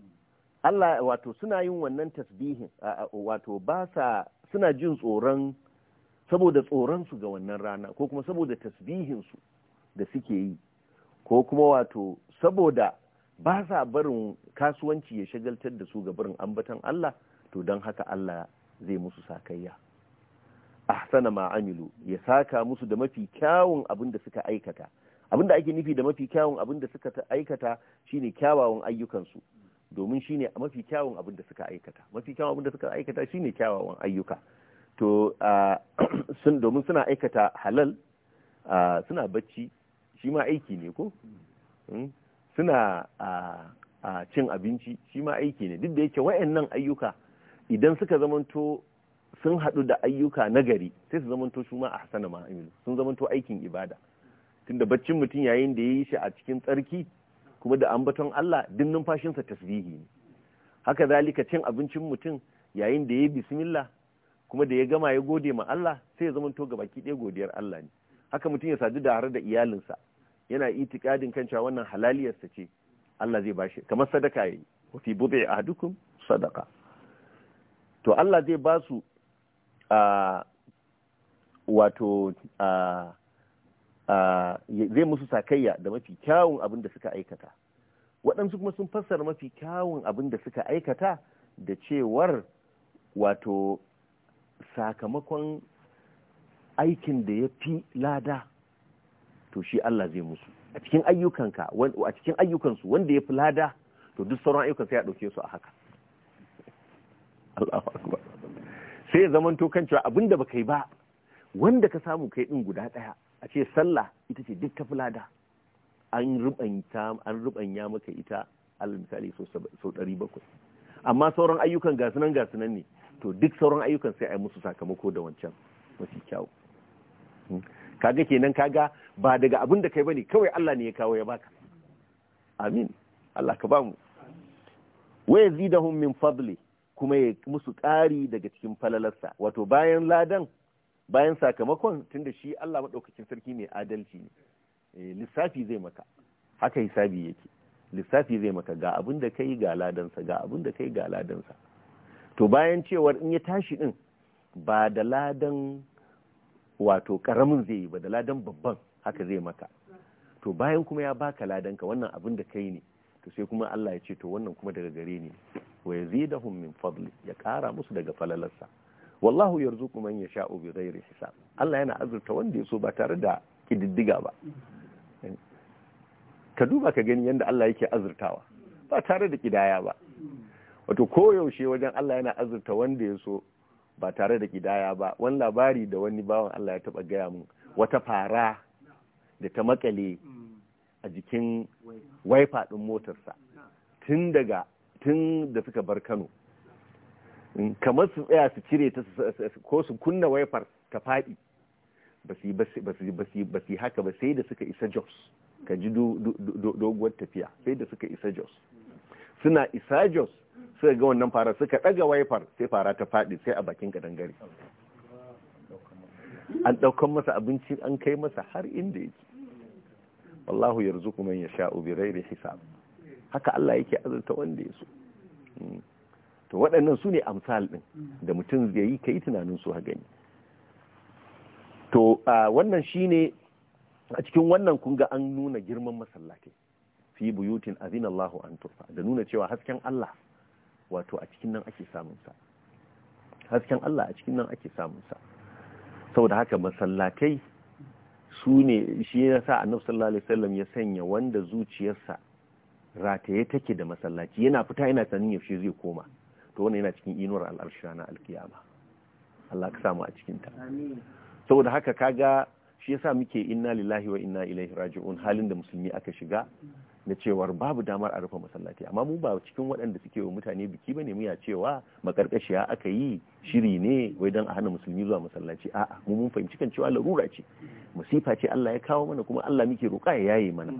Allah wato suna yin wannan tasbihin wato ba sa suna jin tsoron saboda tsoron su ga wannan rana ko kuma saboda tasbihin su da suke yi ko kuma wato saboda ba sa barin kasuwanci ya shagaltar da su ga barin ambatan Allah to don haka Allah zai musu sakayya ahsana ma amilu ya saka musu da mafi kyawun abin da suka aikata abin da ake nufi da mafi kyawun abin da suka aikata shine kyawawan ayyukansu domin shine mafi kyawun abin da suka aikata mafi kyawun abin da suka aikata shine kyawawan ayyuka to sun domin suna aikata halal suna bacci shi ma aiki ne ko hmm? suna a cin abinci shi ma aiki ne duk da yake wayannan ayyuka idan suka zamanto sun haɗu da ayyuka na gari sai su zamanto su ma ahsana ma'amilu sun zamanto aikin ibada tunda baccin mutum yayin da ya yi shi a cikin tsarki kuma da ambaton Allah duk numfashinsa tasbihi ne haka zalika cin abincin mutum yayin da ya yi bismillah kuma da ya gama ya gode ma Allah sai ya zamanto ga baki ɗaya godiyar Allah ne haka mutum ya sadu da da iyalinsa yana itikadin kan cewa wannan halaliyarsa ce Allah zai bashi kamar sadaka yi. wa fi bud'i ahadukum sadaqa to Allah zai ba su a wato a zai musu sakayya da mafi kyawun abin da suka aikata waɗansu kuma sun fassara mafi kyawun abin da suka aikata da cewar wato sakamakon aikin da ya fi lada to shi Allah zai musu a cikin ayyukanka a cikin ayyukansu wanda ya fi lada to duk sauran ayyukan sai ya ɗauke su a haka Allahu akbar sai ya zamanto kan cewa abinda baka yi ba wanda ka samu kai din guda ɗaya a ce sallah ita ce duk ta lada an rubanta an rubanya maka ita alal misali so ɗari bakwai amma sauran ayyukan gasunan gasunan ne to duk sauran ayyukan sai a musu sakamako da wancan mafi kyau hmm. kaga kenan kaga ba daga abin da kai bane kawai Allah ne ya kawo ya baka amin Allah ka bamu wa yazidahum min fadli kuma ya musu ƙari daga cikin falalarsa wato bayan ladan bayan sakamakon tunda shi Allah madaukakin sarki mai adalci ne eh, lissafi zai maka haka hisabi yake lissafi zai maka ga abin da kai ga ladansa ga abin da kai ga ladansa to bayan cewar in ya tashi din ba da ladan wato karamin zai yi ba da ladan babban haka zai maka to bayan kuma ya baka ladanka wannan abin da kai ne to sai kuma Allah ya ce to wannan kuma daga gare ni wa yazidahum min fadli ya kara musu daga falalarsa wallahu yarzuqu man yasha'u bi ghairi hisab Allah yana azurta wanda ya so ba tare da kididdiga ba ka duba ka gani yadda Allah yake azurtawa ba tare da kidaya ba wato koyaushe wajen Allah yana azurta wanda ya so ba tare da kidaya ba wani labari da wani bawan Allah ya taba gaya mun wata fara da ta makale a jikin waifa din motarsa tun daga tun da suka bar Kano kamar su tsaya su cire ta ko su kunna waifar ta faɗi ba su haka ba sai da suka isa Jos ka ji doguwar tafiya sai da suka isa Jos suna isa jos suka ga wannan fara suka ɗaga waifar sai fara ta faɗi sai a bakin kadangare an ɗaukan masa abinci an kai masa har inda yake wallahu kuma man yasha'u bi da hisab haka Allah yake azurta wanda ya so hmm. to waɗannan su ne amsal ɗin da mutum zai yi ka yi tunanin su gani to wannan shi ne a cikin wannan kunga an nuna girman masallatai fi buyutin azinallahu an turfa da nuna cewa hasken Allah wato a cikin nan ake samun sa hasken Allah a cikin nan ake samun sa saboda haka masallatai su ne shi ya sa annabi sallallahu alaihi wasallam ya sanya wanda zuciyarsa rataye take da masallaci yana fita yana sanin yaushe zai koma to wannan yana cikin inuwar al-arshana na qiyama Allah ka samu a cikin ta saboda haka kaga shi yasa muke inna lillahi wa inna ilaihi raji'un halin da musulmi aka shiga na cewar babu damar a rufe masallaci amma mu ba cikin waɗanda suke wa mutane biki bane mu ya cewa makarkashiya aka yi shiri ne wai don a hana musulmi zuwa masallaci a'a mu mun fahimci kan cewa larura ce musifa ce Allah ya kawo mana kuma Allah muke roƙa ya yaye mana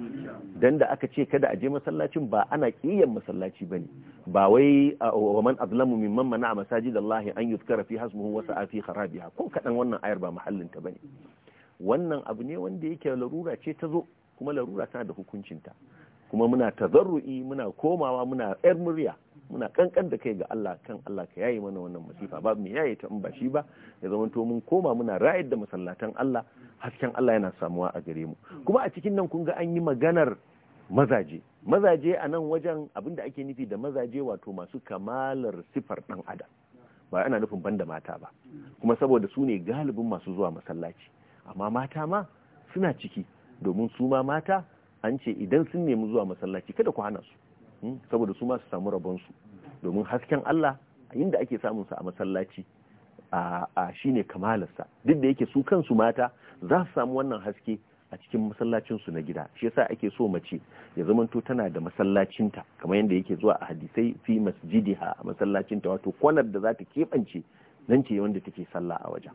dan da aka ce kada a je masallacin ba ana kiyan masallaci bane ba wai wa man azlamu mimman mana masajidallahi an yuzkara fi hasmuhu wa sa'a fi kharabiha ko kadan wannan ayar ba mahallin ta bane wannan abu ne wanda yake larura ce ta zo kuma larura tana da hukuncinta kuma muna tazarru'i muna komawa muna yar murya muna kankan da kai ga Allah kan Allah ka yayi mana wannan masifa babu mu yayi ta in ba shi ba ya zama to mun koma muna ra'ayar da masallatan Allah hasken Allah yana samuwa a gare mu kuma a cikin nan kun ga an yi maganar mazaje mazaje a nan wajen abin da ake nufi da mazaje wato masu kamalar sifar dan adam ba ana nufin banda mata ba kuma saboda su ne galibin masu zuwa masallaci amma mata ma suna ciki domin su ma mata an ce idan sun nemi zuwa masallaci kada ku hana su hmm, saboda su ma su samu rabonsu domin hasken Allah inda ake samun sa a masallaci a shine kamalarsa duk da yake su kansu mata za su samu wannan haske a cikin masallacin su na gida shi yasa ake so mace ya zamanto tana da masallacinta kamar yadda yake zuwa a hadisai fi masjidiha a masallacinta wato kwanar da za ta keɓance nan ce wanda take sallah a wajen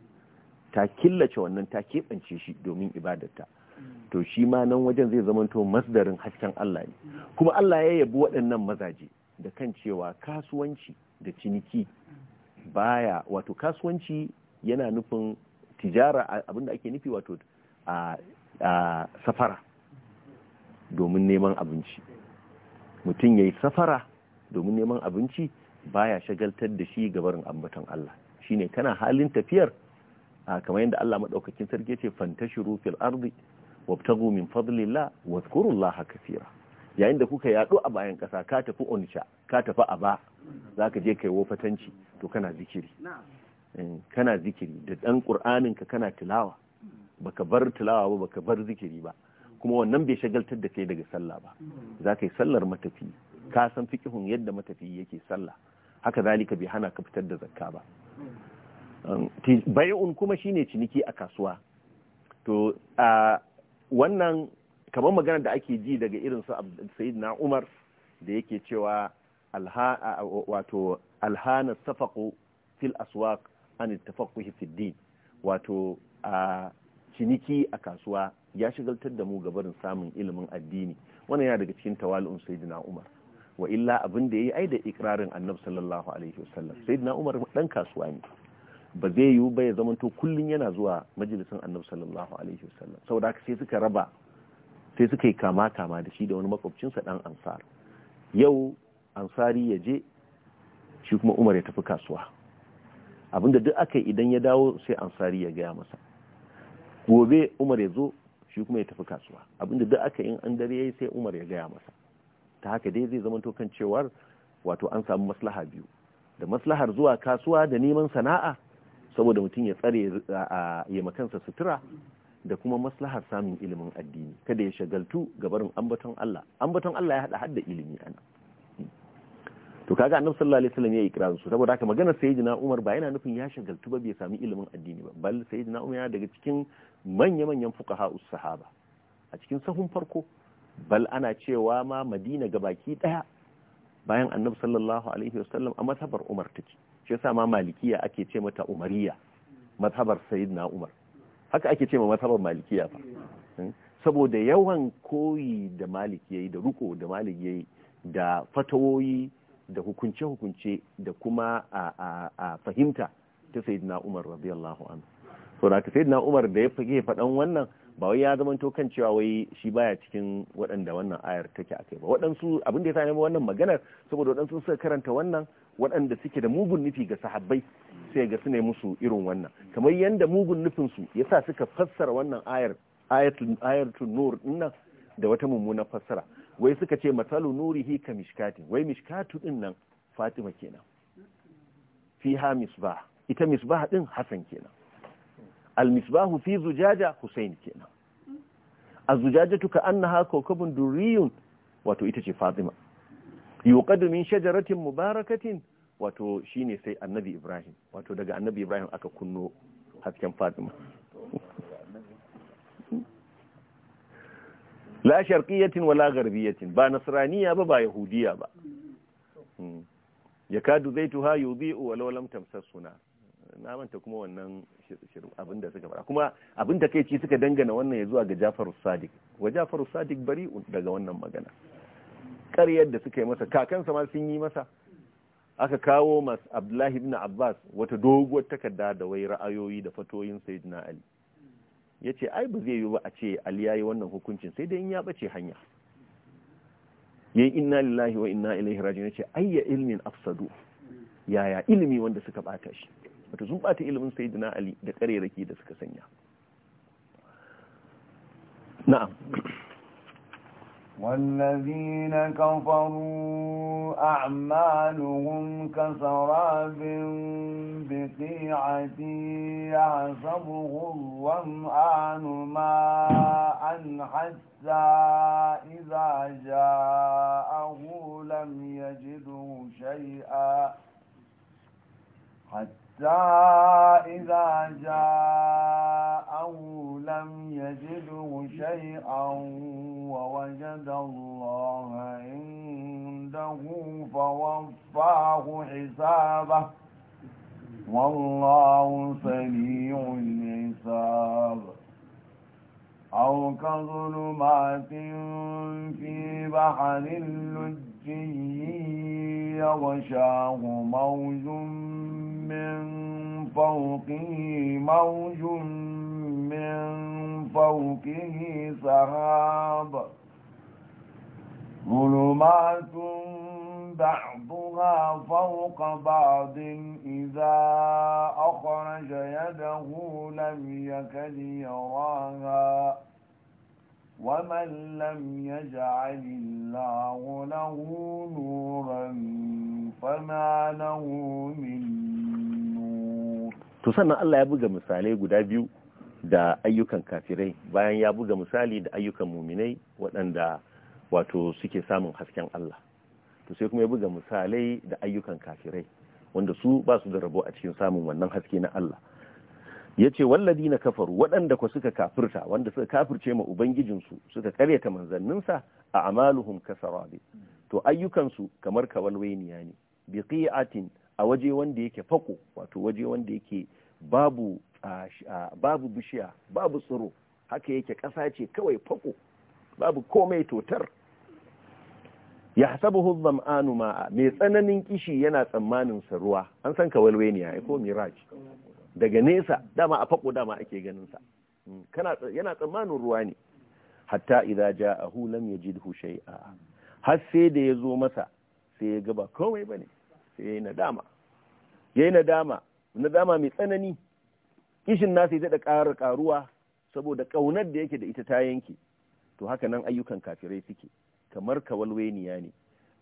ta killace wannan ta keɓance shi domin ibadarta to shi ma nan wajen zai zama zamanto masdarin hasken Allah ne kuma Allah ya yabi waɗannan mazaje da kan cewa kasuwanci da ciniki baya wato kasuwanci yana nufin tijara abinda ake nufi wato a safara domin neman abinci mutum ya yi safara domin neman abinci baya shagaltar da shi gabarin ambaton Allah shine kana halin tafiyar kamar yadda Allah maɗaukakin sarki ce fantashiru fil arzi. wabtagu min fadlillah wadhkurullaha kaseera yayin da kuka yado a bayan ƙasa ka tafi onisha ka tafi aba zaka je kai wofatanci to kana zikiri eh, kana zikiri da dan qur'anin ka kana tilawa baka bar tilawa ba baka bar zikiri ba kuma wannan bai shagaltar da kai daga sallah ba zaka yi sallar matafi ka san fiqhun yadda matafi yake sallah haka zalika bai hana ka fitar da zakka ba um, bai'un kuma shine ciniki a kasuwa to a wannan kamar magana da ake ji daga irin su na Umar da yake cewa alha wato alhana safaqu fil aswaq an tafaqquhi fid wato a ciniki a kasuwa ya shigaltar da mu ga barin samun ilimin addini wannan yana daga cikin tawali'un sayyidina Umar wa illa abin da yayi ai da ikrarin Annabi sallallahu alaihi wasallam sayyidina Umar dan kasuwa ne ba zai yiwu ba ya zamanto kullum yana zuwa majalisar annabi sallallahu alaihi wasallam saboda haka sai suka raba sai suka yi kama kama da shi da wani makwabcinsa dan ansar yau ansari ya je shi kuma umar ya tafi kasuwa abinda duk aka yi idan ya dawo sai ansari ya gaya masa gobe umar ya zo shi kuma ya tafi kasuwa abinda duk aka yi an dare yayi sai umar ya gaya masa ta haka dai zai zama kan cewar wato an samu maslaha biyu da maslahar zuwa kasuwa da neman sana'a saboda mutum ya tsare ya makansa sutura da kuma maslahar samun ilimin addini kada ya shagaltu ga barin ambaton Allah ambaton Allah ya hada hadda ilimi ana to kaga annabi sallallahu alaihi wasallam yayi ikrarin su saboda haka maganar sayyidina Umar ba yana nufin ya shagaltu ba bai sami ilimin addini ba bal sayyidina Umar yana daga cikin manya manyan fuqaha sahaba a cikin sahun farko bal ana cewa ma Madina gabaki daya bayan annabi sallallahu alaihi wasallam a masabar Umar take shi yasa ma malikiya ake ce mata umariya mazhabar sayyidina umar haka ake ce ma mazhabar malikiya fa hmm? saboda yawan koyi da malik yayi da ruko da malik da fatawoyi da hukunce-hukunce da kuma a fahimta ta sayyidina umar radiyallahu anhu so da sayyidina umar da ya fage faɗan wannan ba wai ya zamanto kan cewa wai shi baya cikin waɗanda wannan ayar take akai ba waɗansu abin da ya sa ne wannan maganar saboda waɗansu suka karanta wannan waɗanda suke da mugun nufi ga sahabbai sai ga su musu irin wannan kamar yadda mugun nufin su sa suka fassara wannan ayar ayatul nur dinnan da wata mummuna fassara wai suka ce matsalu nurihi ka mishkati wai mishkatu din nan fatima kenan Fi ha misbah ita misbah din Hassan kenan al misbahu fi zujaja husain kenan az zujajatu ka annaha kawkabun durriyun wato ita ce fatima yuqadu min shajaratin mubarakatin wato shine sai annabi ibrahim wato daga annabi ibrahim aka kunno hasken fatima la sharqiyatin wala gharbiyatin ba nasraniya ba ba yahudiya ba hmm. yakadu zaituha yudhi'u walau lam tamsassuna na manta kuma wannan shirin abin da suka fara kuma abin da kai ci suka dangana wannan ya zuwa ga Jafaru Sadiq wa Jafaru Sadiq bari daga wannan magana ƙaryar da suka yi masa kakansa ma sun yi masa aka kawo masu abdullahi ibn abbas wata doguwar takarda da wai ra'ayoyi da fatoyin sayyidina ali ya ce ai ba zai yi ba a ce ali ya yi wannan hukuncin sai dai in ya bace hanya ya inna lillahi wa inna ilaihi rajiun ya ce ayya ilmin afsadu yaya ilimi wanda suka bata shi wato sun bata ilimin sayyidina ali da ƙarerake da suka sanya na'am والذين كفروا أعمالهم كسراب بقيعة يعصبه الظمآن ماء حتى إذا جاءه لم يجده شيئا حتى حتى إذا جاءه لم يجده شيئا ووجد الله عنده فوفاه حسابه والله سريع الحساب أو كظلمات في بحر لجي يغشاه موج من فوقه موج من فوقه سحاب ظلمات بعضها فوق بعض إذا أخرج يده لم يكد يراها ومن لم يجعل الله له نورا فما له من نور تسنى الله يبقى مثالي قد أبيو da ayyukan kafirai bayan ya buga misali da ayyukan muminai waɗanda wato suke samun hasken Allah to sai kuma ya buga misalai da ayyukan kafirai wanda su ba su da rabo a cikin samun wannan haske na Allah ya ce wallazi na kafaru waɗanda ku suka kafirta wanda suka kafirce ma ubangijinsu suka karyata manzanninsa a amaluhum kasarabi to ayyukansu kamar kawalwainiya ne bi qi'atin a waje wanda yake fako wato waje wanda yake babu babu bishiya babu tsiro haka yake ƙasa ce kawai fako babu komai totar ya hasabuhu anu ma'a mai tsananin kishi yana tsammanin sa ruwa an san kawalwainiya ko miraj daga nesa dama a fako dama ake ganin sa hmm, yana tsammanin ruwa ne hatta idza ja'ahu lam yajidhu shay'a har sai da ya zo masa sai ya ga ba komai bane sai yayi nadama yayi nadama nadama mai tsanani kishin nasa ya da ƙara karuwa saboda ƙaunar da yake da ita ta yanke to haka nan ayyukan kafirai suke kamar kawalweniya ne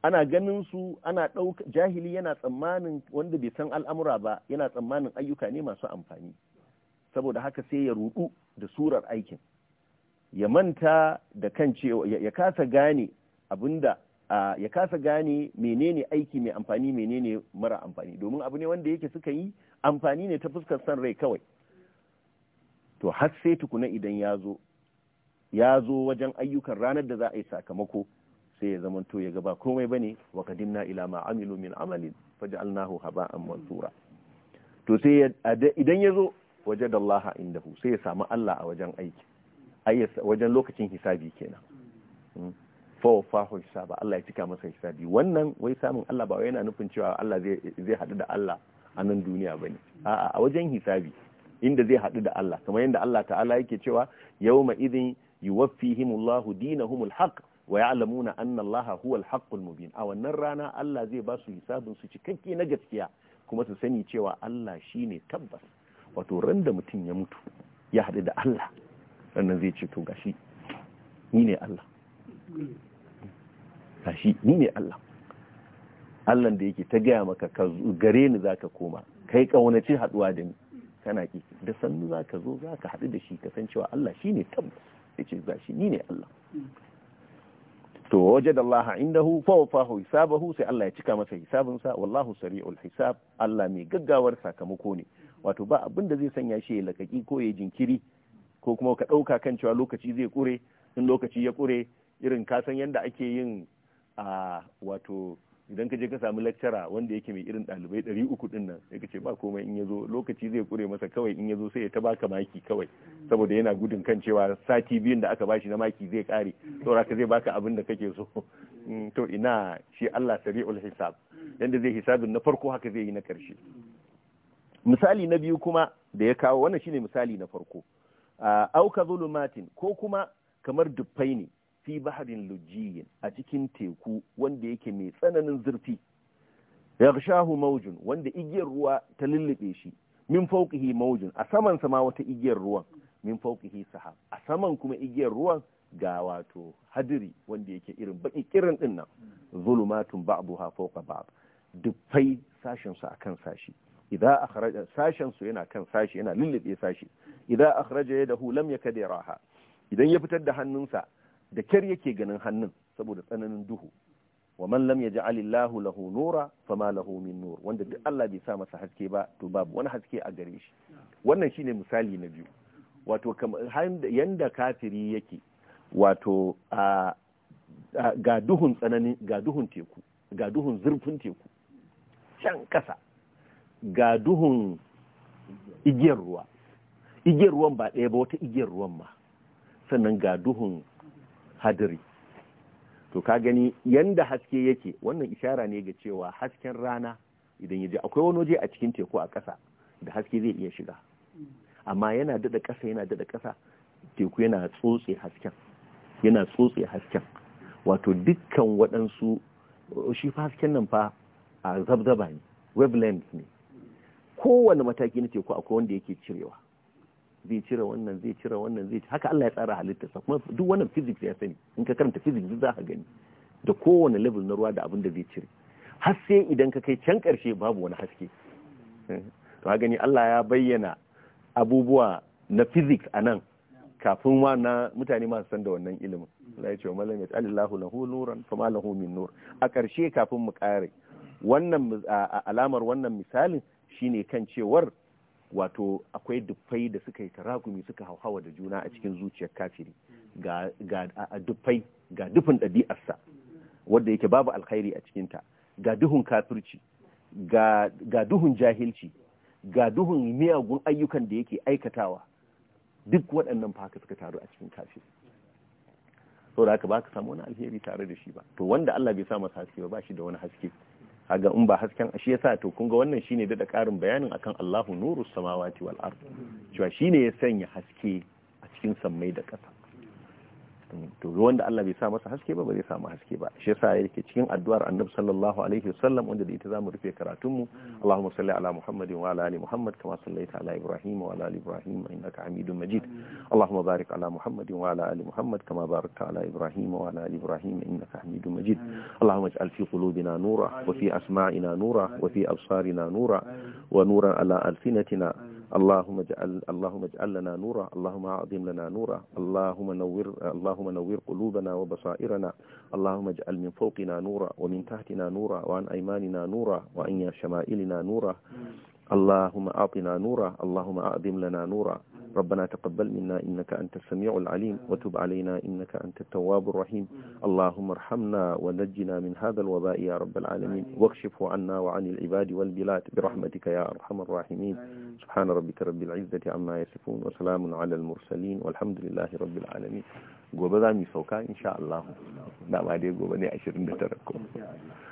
ana ganin su ana ɗauka jahili yana tsammanin wanda bai san al'amura ba yana tsammanin ayyuka ne masu amfani saboda haka sai ya rudu da surar aikin ya manta da kan cewa ya kasa gane abinda ya kasa gane menene aiki mai amfani menene mara amfani domin abu ne wanda yake suka yi amfani ne ta fuskar san rai kawai to har sai tukuna idan ya zo ya zo wajen ayyukan ranar da za a yi sakamako sai ya zama to ya ga ba komai bane wa kadinna ila ma amilu min amalin faj'alnahu haba'an mansura to sai idan ya zo indahu sai ya samu Allah a wajen aiki wajen lokacin hisabi kenan hmm. fa hisaba Allah ya cika masa hisabi wannan wai samun Allah ba yana nufin cewa Allah zai haɗu da Allah a nan duniya bane a'a a wajen hisabi inda zai haɗu da Allah kamar yanda Allah ta'ala yake cewa yawma idin yuwaffihimullahu dinahumul haqq wa ya alamuna annallaha huwa alhaqqul mubin a wannan rana Allah zai ba su hisabin su cikakke na gaskiya kuma su sani cewa Allah shine tabbas wato ran da mutum ya mutu ya haɗu da Allah sannan zai ce to gashi ni ne Allah gashi ni ne Allah Allah da yake ta gaya maka ka gare ni zaka koma kai kaunaci haduwa da ni kana ki da sannu zaka zo zaka haɗu da shi kasancewa Allah shine tabbas yace gashi ni ne Allah to waje da Allah indahu fa wafahu hisabahu sai Allah ya cika masa hisabinsa wallahu sari'ul hisab Allah mai gaggawar sakamako ne wato ba abin da zai sanya shi ya lakaki ko ya jinkiri ko kuma ka dauka kan cewa lokaci zai kure in lokaci ya kure irin ka san yanda ake yin a wato idan ka je ka samu lecturer wanda yake mai irin ɗalibai ɗari uku din nan sai ka ce ba komai in ya zo lokaci zai kure masa kawai in ya zo sai ya ta baka maki kawai saboda yana gudun kan cewa sati biyun da aka bashi na maki zai kare saboda ka zai baka abin da kake so mm, to ina shi Allah sari'ul hisab yanda zai hisabin na farko haka zai yi na karshe misali na biyu kuma da ya kawo wannan shine misali na farko ah, auka zulumatin ko kuma kamar dubbai ne fi baharin lujiyin a cikin teku wanda yake mai tsananin zurfi yaghshahu maujin wanda igiyar ruwa ta lullube shi min fauƙihi maujin a saman sama wata igiyar ruwan min fauƙihi sahab a saman kuma igiyar ruwan ga wato hadiri wanda yake irin baki kirin din nan zulumatun ba'daha fawqa ba'd dufai sashin su akan sashi idza akhraja sashin su yana kan sashi yana lullube sashi idza akhraja yadahu lam yakdiraha idan ya fitar da hannunsa da kyar yake ganin hannun saboda tsananin duhu wa man lam yaj'al Allahu lahu nura fama lahu min nur wanda duk Allah bai sa masa haske ba to babu wani haske a gare shi wannan shine misali na biyu wato yanda kafiri yake wato a ga duhun tsanani ga duhun teku ga duhun zurfin teku can kasa ga duhun igiyar ruwa igiyar ruwan ba ɗaya ba wata igiyar ruwan ma sannan ga duhun hadiri to ka gani yanda haske yake wannan ishara ne ga cewa hasken rana idan ya je akwai wani waje a cikin teku a ƙasa da haske zai iya shiga amma yana dada ƙasa yana dada ƙasa teku yana tsotse hasken yana tsotse hasken wato dukkan waɗansu shi fa hasken nan fa a zabzaba ne wavelength ne kowane mataki na teku akwai wanda yake cirewa zai cire wannan zai cire wannan zai haka Allah ya tsara halittarsa kuma duk wannan physics ya sani in ka karanta physics za ka gani da kowane level na ruwa da abin da zai cire har sai idan ka kai can karshe babu wani haske eh. to ka gani Allah ya bayyana abubuwa na physics a nan kafin wa na mutane masu san da wannan ilimin Allah ya ce wa malam ya lahu nuran fa lahu min nur a karshe kafin mu kare wannan alamar wannan misalin shine kan cewar wato akwai dufai da suka yi tarakumi suka hauhawa da juna a cikin zuciyar kafiri ga dufai ga dufin ɗabi'arsa wadda yake babu alkhairi a cikinta ga duhun kafirci ga duhun jahilci ga duhun miyagun ayyukan da yake aikatawa duk waɗannan fa suka taru a cikin kafiri saboda haka ba ka samu wani alheri tare da shi ba to wanda Allah bai sa masa haske ba ba shi da wani haske kaga in ba hasken shi yasa to kun ga wannan shine da karin bayanin akan Allahu nuru samawati wal ard cewa shine ya sanya haske a cikin sammai da ƙasa to wanda Allah bai sa masa haske ba ba zai samu haske ba shi yasa yake cikin addu'ar Annabi sallallahu alaihi wasallam wanda da ita zamu rufe karatun mu Allahumma salli ala Muhammadin wa ala ali Muhammad kama sallaita ala Ibrahim wa ala ali Ibrahim innaka Hamidum Majid Allahumma barik ala Muhammadin wa ala ali Muhammad kama barakta ala Ibrahim wa ala ali Ibrahim innaka Hamidum Majid Allahumma ij'al fi qulubina nura wa fi asma'ina nura wa fi absarina nura wa nuran ala alsinatina اللهم اجعل اللهم اجعل لنا نورا اللهم اعظم لنا نورا اللهم نور اللهم نور قلوبنا وبصائرنا اللهم اجعل من فوقنا نورا ومن تحتنا نورا وعن ايماننا نورا وعن شمائلنا نورا اللهم أعطنا نورا اللهم أعظم لنا نورا ربنا تقبل منا إنك أنت السميع العليم وتب علينا إنك أنت التواب الرحيم اللهم ارحمنا ونجنا من هذا الوباء يا رب العالمين واكشفه عنا وعن العباد والبلاد برحمتك يا أرحم الراحمين سبحان ربك رب العزة عما يصفون وسلام على المرسلين والحمد لله رب العالمين gobe za mu sauka insha Allah da ba dai gobe ne 29 ko